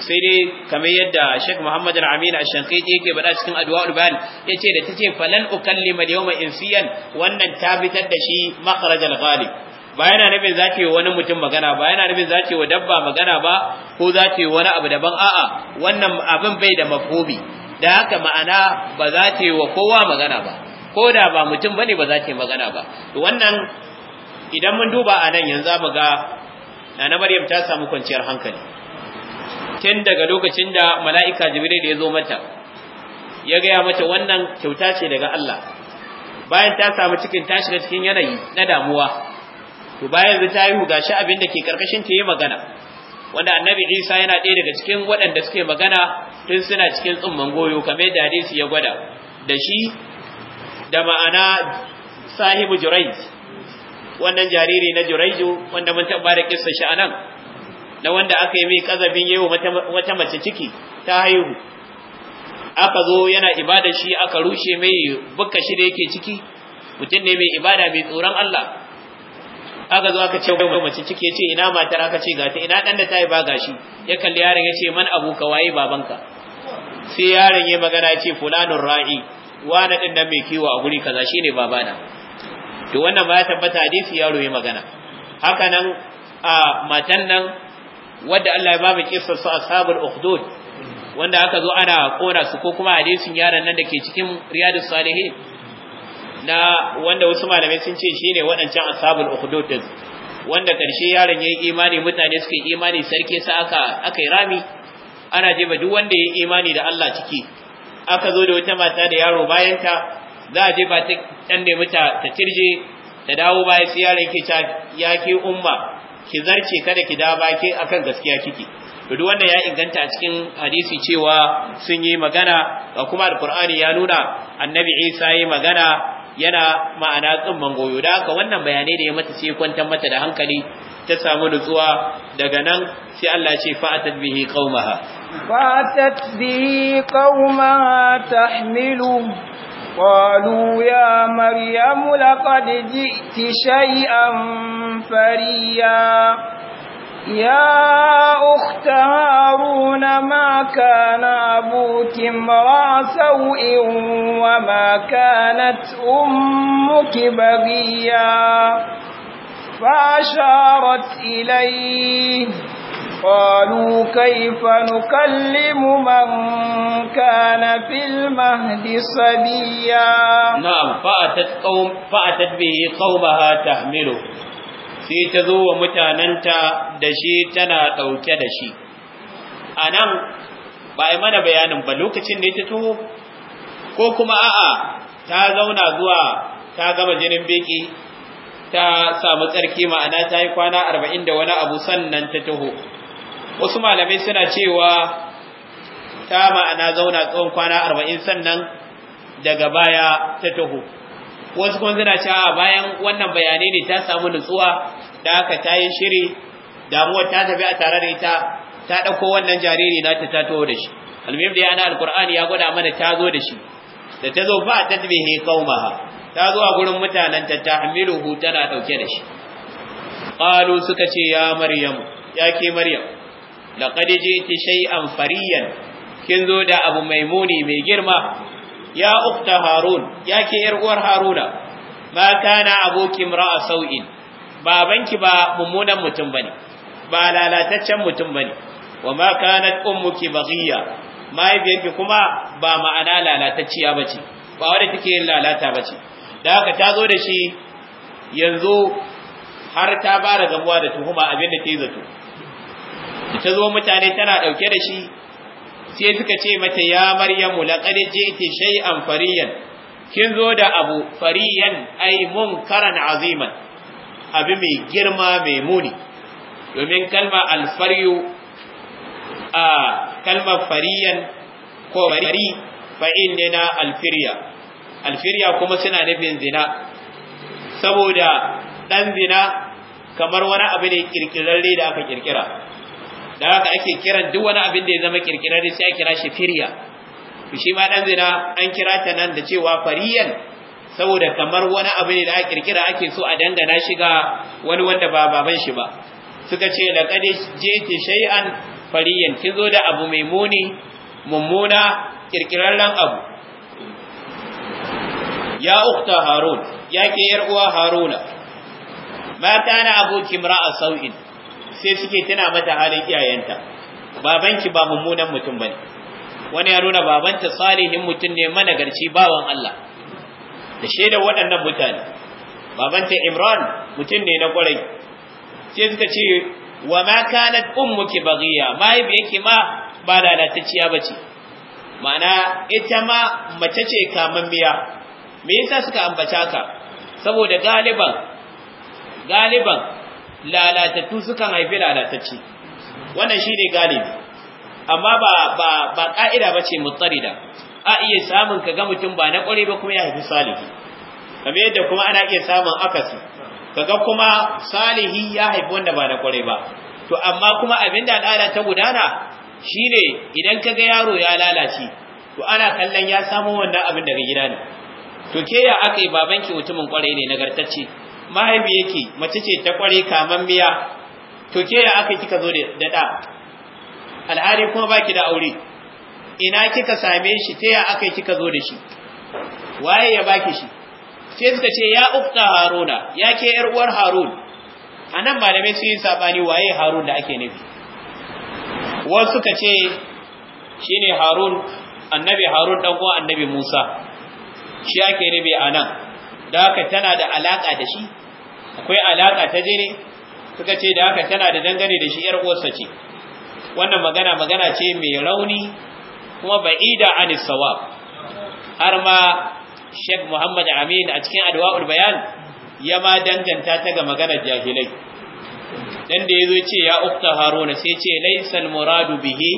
sai dai kamar yadda Sheikh Muhammad Al-Amin Al-Shanqiti yake bada cikin Adwa'ul Bayan yace da tace falan ukallima al-yawma insiyan wannan ta fitar da shi makhraj al-ghalib ba yana nufin za ta yi wani mutum magana ba yana nufin za ta yi wa dabba magana ba ko za ta yi wani abu daban a'a wannan abin bai da mafhumi da haka ma'ana ba za ta yi wa kowa magana ba ko da ba mutum bane ba za ta yi magana ba to wannan idan mun duba a nan yanzu mu ga Nana Maryam ta samu kwanciyar hankali tun daga lokacin da mala'ika Jibril ya zo mata ya gaya mata wannan kyauta ce daga Allah bayan ta samu cikin ta shiga cikin yanayi na damuwa to bayan zai ta yi gashi abin da ke karkashin ta yi magana wanda annabi Isa yana ɗaya daga cikin waɗanda suke magana tun suna cikin tsumman goyo kamar yadda hadisi ya gwada da shi da ma'ana sahibu jurayj wannan jariri na jurayju wanda mun taɓa da kissa shi anan na wanda aka yi mai kazabin yayi wata mace ciki ta haihu aka zo yana ibada shi aka rushe mai bukka shi da yake ciki mutum ne mai ibada mai tsoron Allah aka zo aka ce mai mace ciki ya ce ina matar aka ce ta ina dan da ta yi ba gashi ya kalli yaron ya ce man abuka waye babanka sai yaron ya magana ya ce fulanun ra'i wani din nan mai kiwo a guri kaza shine babana to wannan ba ya tabbata hadisi yaro ya magana haka nan a matan nan wadda Allah ya ba mu kissar su ashabul ukhdud wanda aka zo ana kora su ko kuma hadisin yaron nan da ke cikin riyadus salihin na wanda wasu malamai sun ce shine waɗancan ashabul ukhdud din wanda karshe yaron yayi yi imani mutane suka yi imani sarki sa aka aka yi rami ana jefa duk wanda ya imani da Allah ciki aka zo da wata mata da yaro bayan ta za a jefa ta can da ta ta tirje ta dawo bayan sai yaron ta ya ke umma ki zarce kada ki dawo ba ke akan gaskiya kiki. to duk wanda ya inganta a cikin hadisi cewa sun yi magana kuma alqur'ani ya nuna annabi Isa yi magana yana ma'ana tsin goyo da haka wannan bayanai da ya mata sai kwantar mata da hankali ta samu nutsuwa daga nan sai Allah ce fa'atat bihi qaumaha فأتت به قومها تحمله قالوا يا مريم لقد جئت شيئا فريا يا أخت هارون ما كان أبوك امرأ سوء وما كانت أمك بغيا فأشارت إليه قالوا كيف نكلم من كان في المهد صبيا نعم فأتت, قوم فأتت به قومها sai ta zo wa mutanenta da shi tana ɗauke da shi a nan ba yi mana bayanin ba lokacin da ta tuho? ko kuma a'a ta zauna zuwa ta gama jinin beki ta samu tsarki ma'ana ta yi kwana arba'in da wani abu sannan ta taho wasu malamai suna cewa ta ma'ana zauna tsawon kwana arba'in sannan daga baya ta taho wasu kuma suna cewa bayan wannan bayanai ne ta samu nutsuwa da aka ta yi shiri damuwar ta tafi a tare da ita ta ɗauko wannan jariri na ta ta taho da shi almim da yana alkur'ani ya gwada mana ta zo da shi da ta zo ba ta tabihi kaumaha. ta zo a gurin mutanen ta hu tana ɗauke da shi qalu suka ce ya maryam ya ke maryam laqad jiti shay'an fariyan kin zo da abu mai muni mai girma ya ukta harun ya ke yar uwar haruna Mata kana aboki imra'a sau'in babanki ba mummunan mutum bane ba lalataccen mutum bane wa ma kanat ummuki baghiya mahaifiyarki kuma ba ma'ana lalatacciya bace ba wanda take yin lalata bace Dakata haka ta zo da shi yanzu har ta bara gamuwa da tuhuma abinda da ta yi zato da ta zo mutane tana ɗauke da shi sai suka ce mata ya maryamu laqad ji'ti shay'an fariyan kin zo da abu fariyan ai munkaran aziman abi mai girma mai muni domin kalma alfariyu a kalma fariyan ko fari fa'in ne na alfiriya alfiriya kuma suna nufin zina saboda ɗan zina kamar wani abu ne kirkirarre da aka kirkira da haka ake kiran duk wani abin da ya zama da sai a kira shi firiya, to shi ma dan zina an kira ta nan da cewa fariyan saboda kamar wani abu ne da aka kirkira ake so a dangana shi ga wani wanda ba baban shi ba suka ce da kadi ki shay'an fariyan zo da abu mai muni mummuna kirkirarren abu ya ukhta harun ya ke yar uwa haruna mata na abokin ra'a sau'in sai suke tana mata halin iyayenta babanki ba mummunan mutum bane wani ya nuna babanta salihin mutum ne managarci bawan Allah da shaidar waɗannan mutane babanta Imran mutum ne na kwarai sai suka ce wa ma kanat ummuki baghiya yake ma ba lalatacciya bace ma'ana ita ma mace ce kaman miya me yasa suka ambata ka saboda galiban galiban lalatattu sukan haifi lalatacci wannan shi ne galibi amma ba ba ba ka'ida bace mutsarida a iya samun kaga mutum ba na kware ba kuma ya haifi salihi kamar yadda kuma ana iya samun akasi kaga kuma salihi ya haifi wanda ba na kware ba to amma kuma abinda al'ada ta gudana shine idan kaga yaro ya lalace to ana kallon ya samu wannan abin daga gida ne to ke ya aka yi babanki mutumin kwarai ne nagartacce mahaifi yake mace ce ta kware kaman miya to ke ya aka kika zo da da alhali kuma baki da aure ina kika same shi ta ya aka kika zo da shi waye ya baki shi sai suka ce ya ukta haruna ya ke yar uwar harun anan malamai sun yi sabani waye harun da ake nufi wasu suka ce shine harun annabi harun dan ko annabi musa shi ake nufi anan da haka tana da alaka da shi akwai alaƙa ta jini suka ce da haka tana da dangane da shi yar uwarsa ce wannan magana magana ce mai rauni kuma ba'ida anis sawab har ma Sheikh Muhammad Amin a cikin Adwa'ul Bayan ya ma danganta ta ga maganar jahilai dan da yazo ce ya ukta haruna sai ce laysal muradu bihi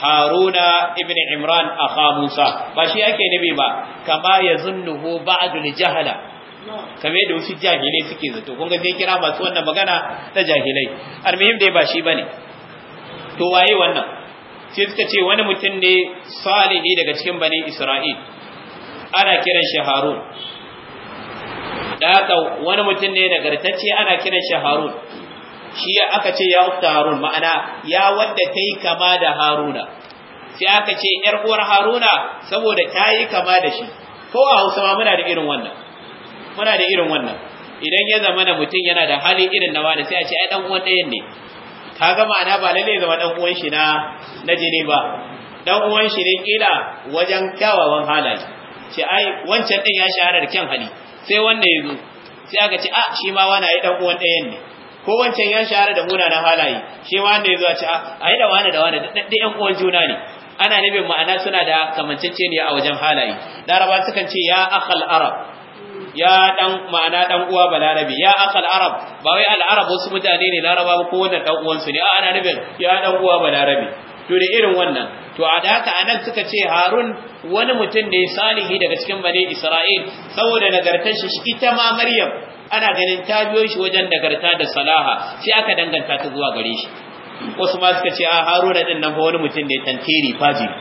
haruna ibn imran akha musa ba shi ake nabi ba kama yazunnuhu ba'dul jahala kame da wasu jahilai suke zato kun ga sai kira masu wannan magana ta jahilai almuhim dai ba shi bane to waye wannan sai suka ce wani mutum ne salihi daga cikin bani isra'il ana kiran shi harun da wani mutum ne nagartacce ana kiran shi harun shi aka ce ya ukta harun ma'ana ya wadda ta yi kama da haruna sai aka ce yar uwar haruna saboda ta yi kama da shi ko a hausa ma muna da irin wannan muna da irin wannan idan ya zama na mutum yana da hali irin na wani sai a ce ai dan uwan ɗayan ne kaga ma'ana ba lalle zama dan uwan shi na na jini ba dan uwan shi ne kila wajen kyawawan halaye ce ai wancan din ya shahara da kyan hali sai wannan yazo sai aka ce a ah, shi ma wani ai dan uwan ɗayan ne ko wancan ya shahara da munanan halaye shi ma wanda ya a ci a yi da wani da wani da ɗan uwan juna ne ana nufin ma'ana suna da ne a wajen halaye laraba sukan ce ya akhal arab ya dan ma'ana dan uwa balarabi ya akhal arab ba wai al arab wasu mutane ne laraba ba ko wannan dan uwan su ne a ana nufin ya dan uwa balarabi to da irin wannan to a da haka anan suka ce harun wani mutum ne salihi daga cikin bani isra'il saboda nagartar shi ita ma maryam ana ganin ta biyo shi wajen dagarta da salaha sai aka danganta ta zuwa gare shi wasu ma suka ce a haruna din nan fa wani mutum ne tantiri fajiri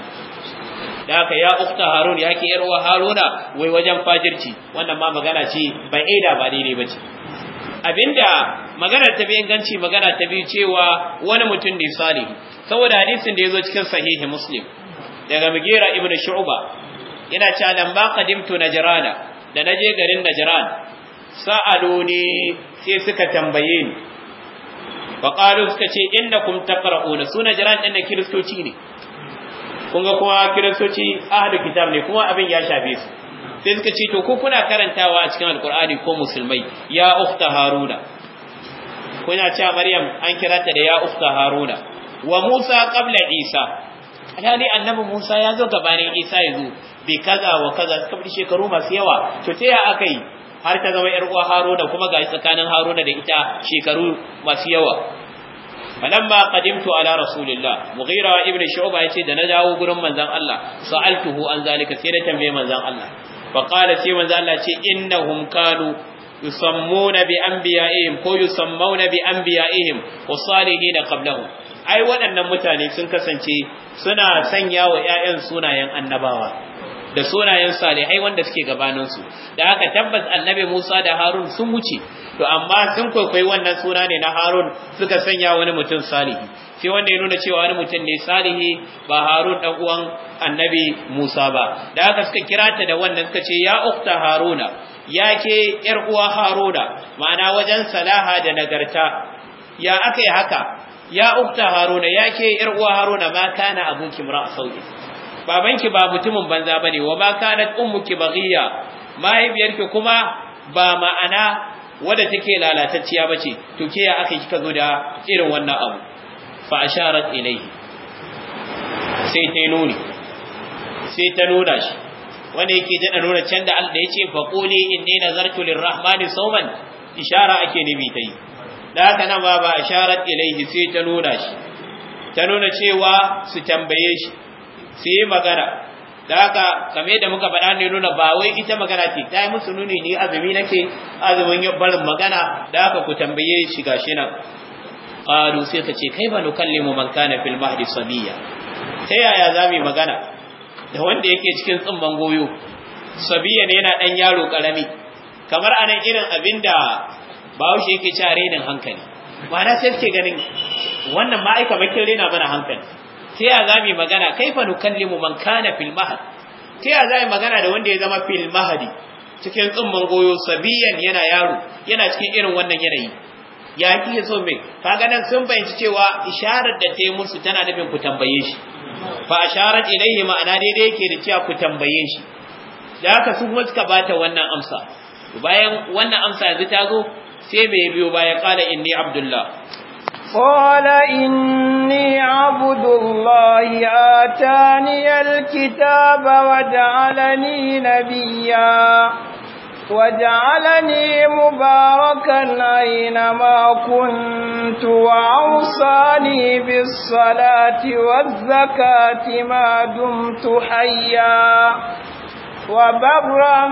da aka ya ukta harun ya ke yarwa haruna wai wajen fajirci wannan ma magana ce bai aida ba daidai ba ce abinda magana ta biyan ganci magana ta biyu cewa wani mutum ne salihu saboda hadisin da ya zo cikin sahihi muslim daga magera ibn shu'ba yana cewa lamba ba qadimtu najrana da naje garin najran sa'aluni sai suka tambaye ni faƙalu suka ce innakum taqra'una suna jiran ɗin da kiristoci ne kun ga kuma kiristoci ahadu kitab ne kuma abin ya shafe su sai suka ce to ku, kuna karantawa a cikin alkur'ani ko musulmai ya ukhta haruna kuna cewa maryam an kira ta da ya ukhta haruna wa musa qabla isa alhali annabi musa ya zo gabanin isa ya zo bi kaza wa kaza suka fi shekaru masu yawa to ta ya aka yi har ta zama uwa haruna kuma ga tsakanin haruna da ita shekaru masu yawa falamma qadimtu ala rasulillah mughira ibn shu'ba yace da na dawo gurin manzon Allah sa'altuhu an zalika sai da tambaye manzon Allah fa qala sai manzon Allah ce innahum kanu yusammuna bi anbiya'ihim ko yusammuna bi anbiya'ihim wa salihin qablahum ai waɗannan mutane sun kasance suna sanya wa ƴaƴan sunayen annabawa da sunayen salihai wanda suke gabaninsu da haka tabbas annabi Musa da Harun sun wuce to amma sun kwaikwayi wannan suna ne na Harun suka sanya wani mutum salihi sai wanda ya nuna cewa wani mutum ne salihi ba Harun dan uwan annabi Musa ba da haka suka kira ta da wannan suka ce ya ukta Haruna ya ke yar uwa Haruna ma'ana wajen salaha da nagarta ya aka haka ya ukta Haruna ya ke yar uwa Haruna ma kana abuki a sauki babanki ba mutumin banza bane wa ma kanat ummuki baghiya mahaifiyarki kuma ba ma'ana wadda take lalatacciya bace to ke ya aka kika zo da irin wannan abu fa asharat ilayhi sai ta nuni sai ta nuna shi wanda yake jada nuna can da Allah yace fa quli inni nazartu lirrahmani sawman ishara ake nabi tai da haka nan ba ba asharat ilayhi sai ta nuna shi ta nuna cewa su tambaye shi sai magana da haka kame da muka faɗa ne nuna ba wai ita magana ce ta yi musu nuni ni azumi nake azumin ya barin magana da haka ku tambaye shi shi nan qalu sai ka ce kai ba mu man kana fil mahdi sabiya ta yaya za mu yi magana da wanda yake cikin tsumman goyo sabiya ne yana ɗan yaro ƙarami. kamar a nan irin abin da bahaushe yake cewa renin hankali ma'ana sai ke ganin wannan ma'aika makin rena mana hankali ta ya za mu magana fa nukallimu man kana fil mahad ta ya za mu magana da wanda ya zama fil mahadi cikin tsumman goyo sabiyan yana yaro yana cikin irin wannan yanayi ya kike so me ka ga nan sun bayyana cewa isharar da ta yi musu tana nufin ku tambaye shi fa asharat ilayhi ma'ana daidai yake da cewa ku tambaye shi da haka su kuma suka bata wannan amsa bayan wannan amsa yanzu ta zo sai mai biyo baya kala inni abdullah قال إني عبد الله آتاني الكتاب وجعلني نبيا وجعلني مباركا أينما كنت وأوصاني بالصلاة والزكاة ما دمت حيا وبرا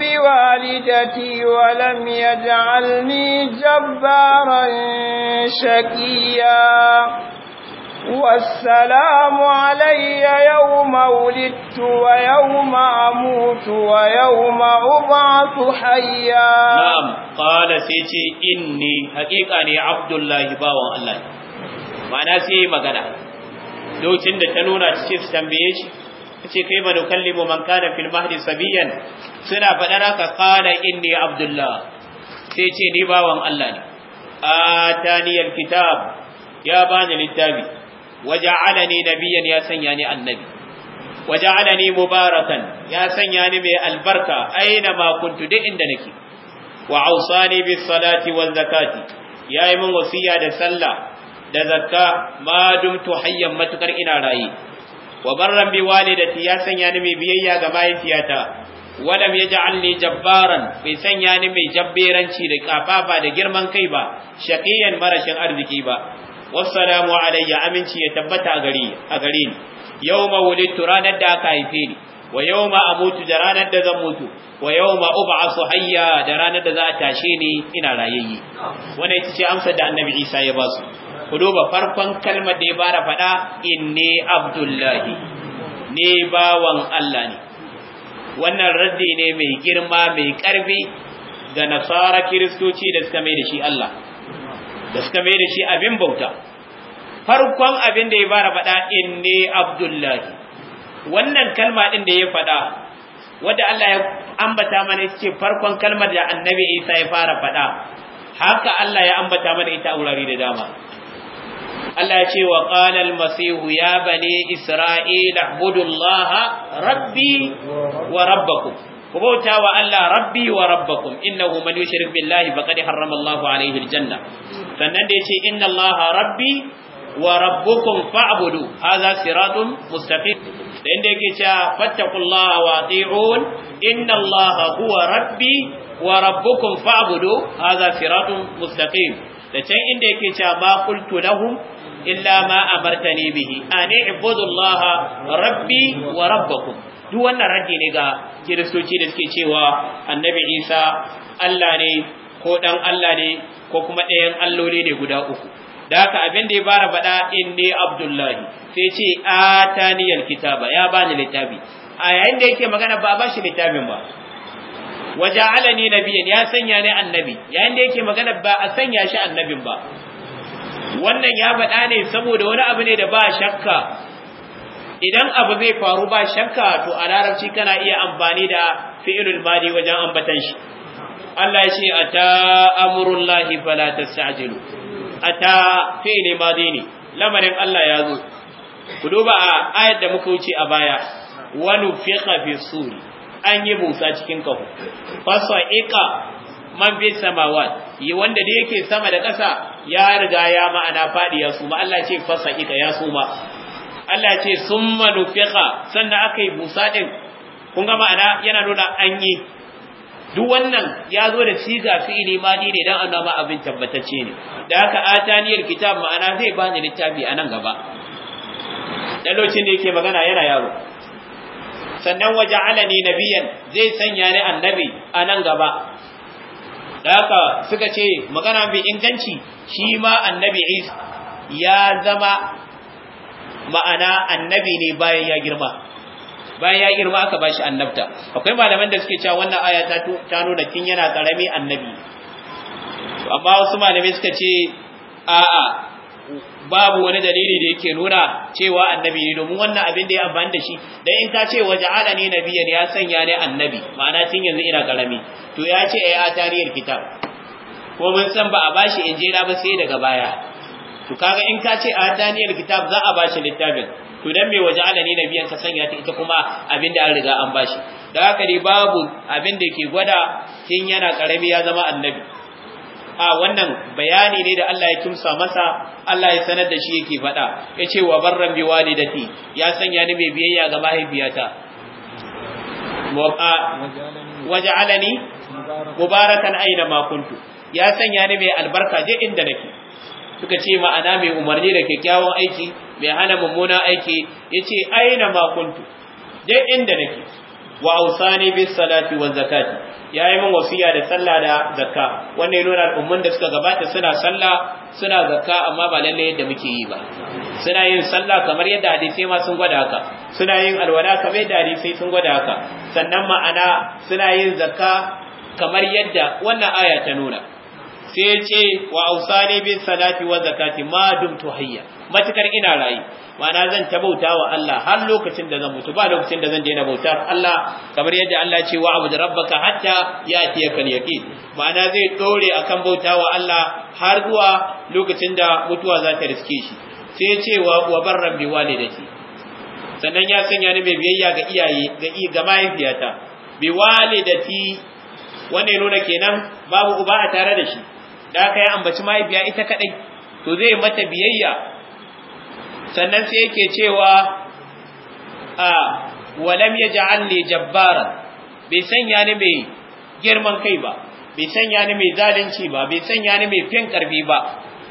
بوالدتي ولم يجعلني جبارا شقيا والسلام علي يوم ولدت ويوم أموت ويوم أبعث حيا نعم قال سيتي إني حقيقة أني عبد الله باوان الله معنى سيما قال لو تند تنونا تسيف سنبيش ce kai ba nukallimu man kana fil mahdi sabiyan suna faɗar haka qala inni abdullah sai ce ni bawan Allah ne atani kitab ya bani littafi waja'alani nabiyyan ya sanya ni annabi waja'alani mubarakan ya sanya ni mai albarka aina ma kuntu duk inda nake wa awsani bis salati waz zakati yayi min wasiya da sallah da zakka ma dumtu hayyan matukar ina rayi wa barran bi walidati ya sanya ni mai biyayya ga mahaifiyata walam yaj'alni jabbaran bai sanya ni mai jabberanci da kafafa da girman kai ba shaqiyan marashin arziki ba wassalamu alayya aminci ya tabbata a gari a gare ni yawma wulidtu ranar da aka haife ni wa yawma amutu da ranar da zan mutu wa yawma ub'asu hayya da ranar da za a tashe ni ina rayayye wannan ita ce amsar da annabi Isa ya ba su ku duba farkon kalmar da ya fara faɗa inni abdullahi ni bawan Allah ne wannan raddi ne mai girma mai ƙarfi ga nasara kiristoci da suka mai da shi Allah da suka mai da shi abin bauta farkon abin da ya fara faɗa inni abdullahi wannan kalma ɗin da ya faɗa wadda Allah ya ambata mana ita ce farkon kalmar da annabi Isa ya fara faɗa haka Allah ya ambata mana ita a wurare da dama Allah ce wa qala al ya bane isra'ila budullaha rabbi wa rabbakum ku bauta wa Allah rabbi wa rabbakum Inna man yushrik billahi faqad harrama Allahu alayhi al-janna sannan da yace inna Allaha rabbi wa rabbukum fa'budu hadha siratun mustaqim da inda yake cewa fattaqullaha wa ati'un inna Allaha huwa rabbi wa rabbukum fa'budu hadha siratun mustaqim da can inda yake cewa ma qultu lahum illa ma أمرتني bihi أن اعبد rabbi ربي وربكم duk wannan raddi ne ga kiristoci da suke cewa annabi Isa Allah ne ko dan Allah ne ko kuma ɗayan alloli ne guda uku da haka abin da ya bara faɗa in ne abdullahi sai ce a ataniyal kitaba ya bani littafi a yayin da yake magana ba a bashi littafin ba waja'alani nabiyan ya sanya ni annabi yayin da yake magana ba a sanya shi annabin ba wannan ya faɗa ne saboda wani abu ne da ba shakka idan abu zai faru ba shakka to a larabci kana iya amfani da fi'ilul madi wajen ambatan shi Allah ya ce ata lahi fala tastajilu ata fi'ilul madi ne lamarin Allah ya zo ku duba a ayar da muka wuce a baya wa nufiqa fi suri an yi busa cikin kafu fasa'iqa man fi samawat wanda da yake sama da ƙasa ya riga ya ma'ana faɗi ya suma Allah ce fasa ita ya suma Allah ce summa nufiqa sannan aka yi busa din kun ga ma'ana yana nuna an yi duk wannan ya zo da siga fi'ili madi ne dan annaba abin tabbatacce ne da haka ataniyar kitab ma'ana zai bani littafi a nan gaba dan lokacin da yake magana yana yaro sannan waja'alani na nabiyan zai sanya ni annabi a nan gaba da haka suka ce magana mai inganci shi ma annabi isa ya zama ma'ana annabi ne bayan ya girma bayan ya girma aka bashi annabta akwai malaman da suke cewa wannan aya ta ta nuna kin yana karami annabi amma wasu malamai suka ce a'a babu wani dalili da yake nuna cewa annabi ne domin wannan abin da ya amfani da shi dan in ka ce waje ala ne nabiyan ya sanya ne annabi ma'ana tun yanzu ina karami to ya ce ai a tarihar kitab ko mun san ba a bashi injira ba sai daga baya to kaga in ka ce a taniyar kitab za a bashi littafin to dan me waje ala ne nabiyan ka sanya ta ita kuma abin da an riga an bashi da haka dai babu abin da ke gwada tun yana karami ya zama annabi a wannan bayani ne da Allah ya kimsa masa Allah ya sanar da shi yake faɗa ya ce wa barran bi walidati ya sanya ni mai biyayya ga mahaifiyata alani, mubarakan aina ma kuntu ya sanya ni mai albarka je inda nake suka ce ma'ana mai umarni da kyakkyawan aiki mai hana mummunan aiki yace aina ma kuntu je inda nake wa ausani bis salati wa zakati yayi min wasiya da sallah da zakka wanda ya nuna al'umman da suka gabata suna sallah suna zakka amma ba lalle yadda muke yi ba suna yin sallah kamar yadda hadisi ma sun gwada haka suna yin alwala kamar yadda hadisi sun gwada haka sannan ma'ana suna yin zakka kamar yadda wannan aya ta nuna sai ya ce wa ausani bin salati wa zakati ma dumtu hayya matukar ina rayu. ma'ana zan ta bauta wa Allah har lokacin da zan mutu ba lokacin da zan daina bautar Allah kamar yadda Allah ce wa abud rabbaka hatta yatiyakal yaqin ma'ana zai dore akan bauta wa Allah har zuwa lokacin da mutuwa za ta riske shi sai ya ce wa barran bi walidati sannan ya sanya ni mai biyayya ga iyaye ga ga mahaifiyata bi walidati wannan nuna kenan babu uba a tare da shi da aka ya ambaci mahaifiya ita kaɗai, to zai mata biyayya sannan sai yake cewa a walam yaj'al li jabbara bai sanya ni mai girman kai ba bai sanya ni mai zalunci ba bai sanya ni mai fin karfi ba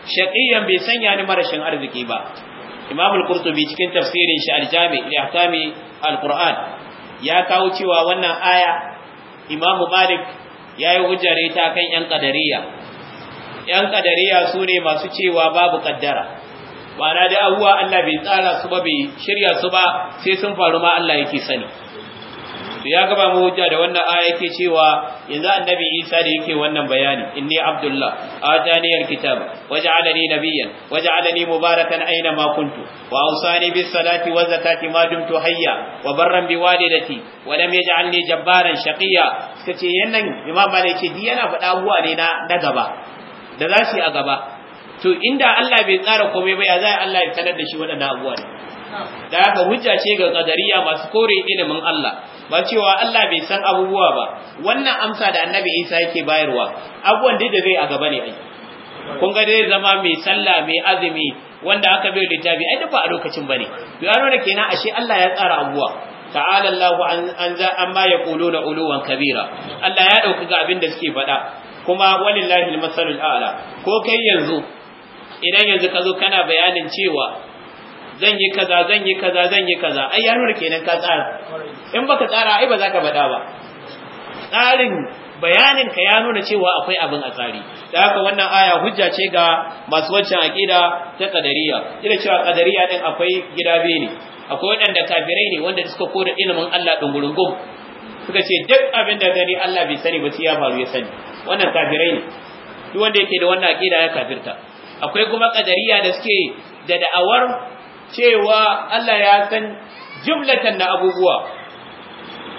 shaqiyan bai sanya ni marashin arziki ba imam al-qurtubi cikin tafsirin shi al-jami al-ihtami al-qur'an ya kawo cewa wannan aya imam malik yayi hujjare ta kan yan qadariyya ‘yan ƙadariya su ne masu cewa babu ƙaddara, ma'ana da abuwa Allah bai tsara su ba bai shirya su ba sai sun faru ma Allah yake sani. Su ya gaba mu hujja da wannan aya yake cewa yanzu annabi Isa da yake wannan bayani inni Abdullah waje alani waj'alani nabiyyan waj'alani mubarakan aina ma kuntu wa awsani bis salati wa zakati ma dumtu hayya wa barran bi walidati wa lam yaj'alni jabbaran shaqiya suka ce yannan Imam Malik ce yana faɗa abuwa ne na gaba da za su yi a gaba to inda Allah bai tsara komai ba ya za Allah ya sanar da shi waɗannan abubuwa ne da haka hujja ce ga kadariya masu kore ilimin Allah ba cewa Allah bai san abubuwa ba wannan amsa da annabi Isa yake bayarwa abubuwan da zai a gaba ne ai kun ga dai zama mai sallah mai azumi wanda aka bai littafi ai duk ba a lokacin bane to ya nuna kenan ashe Allah ya tsara abubuwa ta'ala an an za da yaquluna kabira Allah ya ɗauki ga abin da suke faɗa kuma walillahi almasalul a'la ko kai yanzu idan yanzu ka zo kana bayanin cewa zan yi kaza zan yi kaza zan yi kaza ai ya nuna kenan ka tsara in baka tsara ai ba za ka faɗa ba tsarin bayanin ka ya nuna cewa akwai abin a tsari da haka wannan aya hujja ce ga masu waccan aqida ta qadariya ina cewa qadariya din akwai gida biyu ne akwai waɗanda kafirai ne wanda suka kore ilimin Allah dungurungum suka ce duk abin da gani Allah bai sani ba sai ya faru ya sani wannan kafirai ne duk wanda yake da wannan aqida ya kafirta akwai kuma qadariya da suke da da'awar cewa Allah ya san jumlatan na abubuwa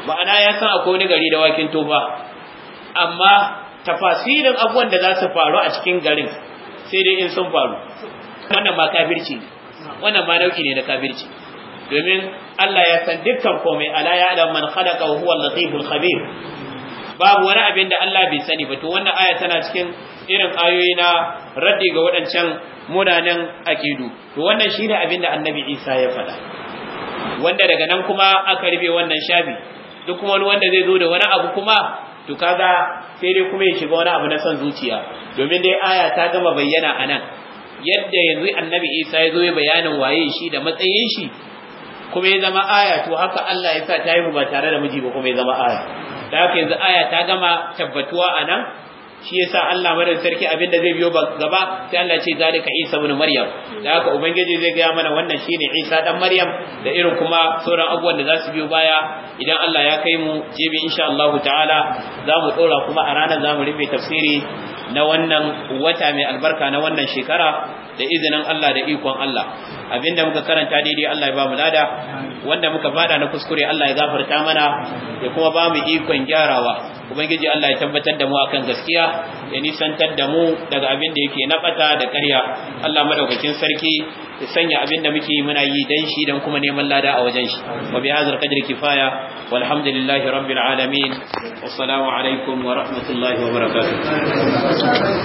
ma'ana ya san akwai wani gari da wakin toba amma tafasirin abubuwan da za su faru a cikin garin sai dai in sun faru wannan ma kafirci ne wannan ma nau'i ne na kafirci domin Allah ya san dukkan komai ala ya'lam man khalaqa wa huwa al-latiful khabir babu wani abin da Allah bai sani ba to wannan aya tana cikin irin ayoyi na raddi ga wadancan munanan aqidu to wannan shine abin da annabi Isa ya faɗa wanda daga nan kuma aka rube wannan shafi duk kuma wani wanda zai zo da wani abu kuma to kaga sai dai kuma ya shiga wani abu na son zuciya domin dai aya ta gama bayyana anan yadda yanzu annabi Isa ya zo ya bayanin waye shi da matsayin shi kuma ya zama aya to haka Allah ya sa ta haihu ba tare da miji ba kuma ya zama aya da haka yanzu aya ta gama tabbatuwa a nan shi ya sa Allah madan sarki abinda zai biyo gaba sai Allah ce ka Isa wani Maryam da haka ubangiji zai gaya mana wannan shi ne Isa dan Maryam da irin kuma sauran abubuwan da za su biyo baya idan Allah ya kai mu jibi insha Allah ta'ala za mu tsora kuma a ranar za mu rufe tafsiri na wannan wata mai albarka na wannan shekara da izinin Allah da ikon Allah abinda muka karanta daidai Allah ya ba mu lada wanda muka fada na kuskure Allah ya gafarta mana ya kuma ba mu ikon gyarawa ubangiji Allah ya tabbatar da mu akan gaskiya ya nisantar da mu daga abin da yake nabata da karya Allah madaukakin sarki ya sanya abin da muke muna yi dan shi dan kuma neman lada a wajen shi wa bi hadzal qadri kifaya walhamdulillahi rabbil alamin wassalamu alaikum wa rahmatullahi wa barakatuh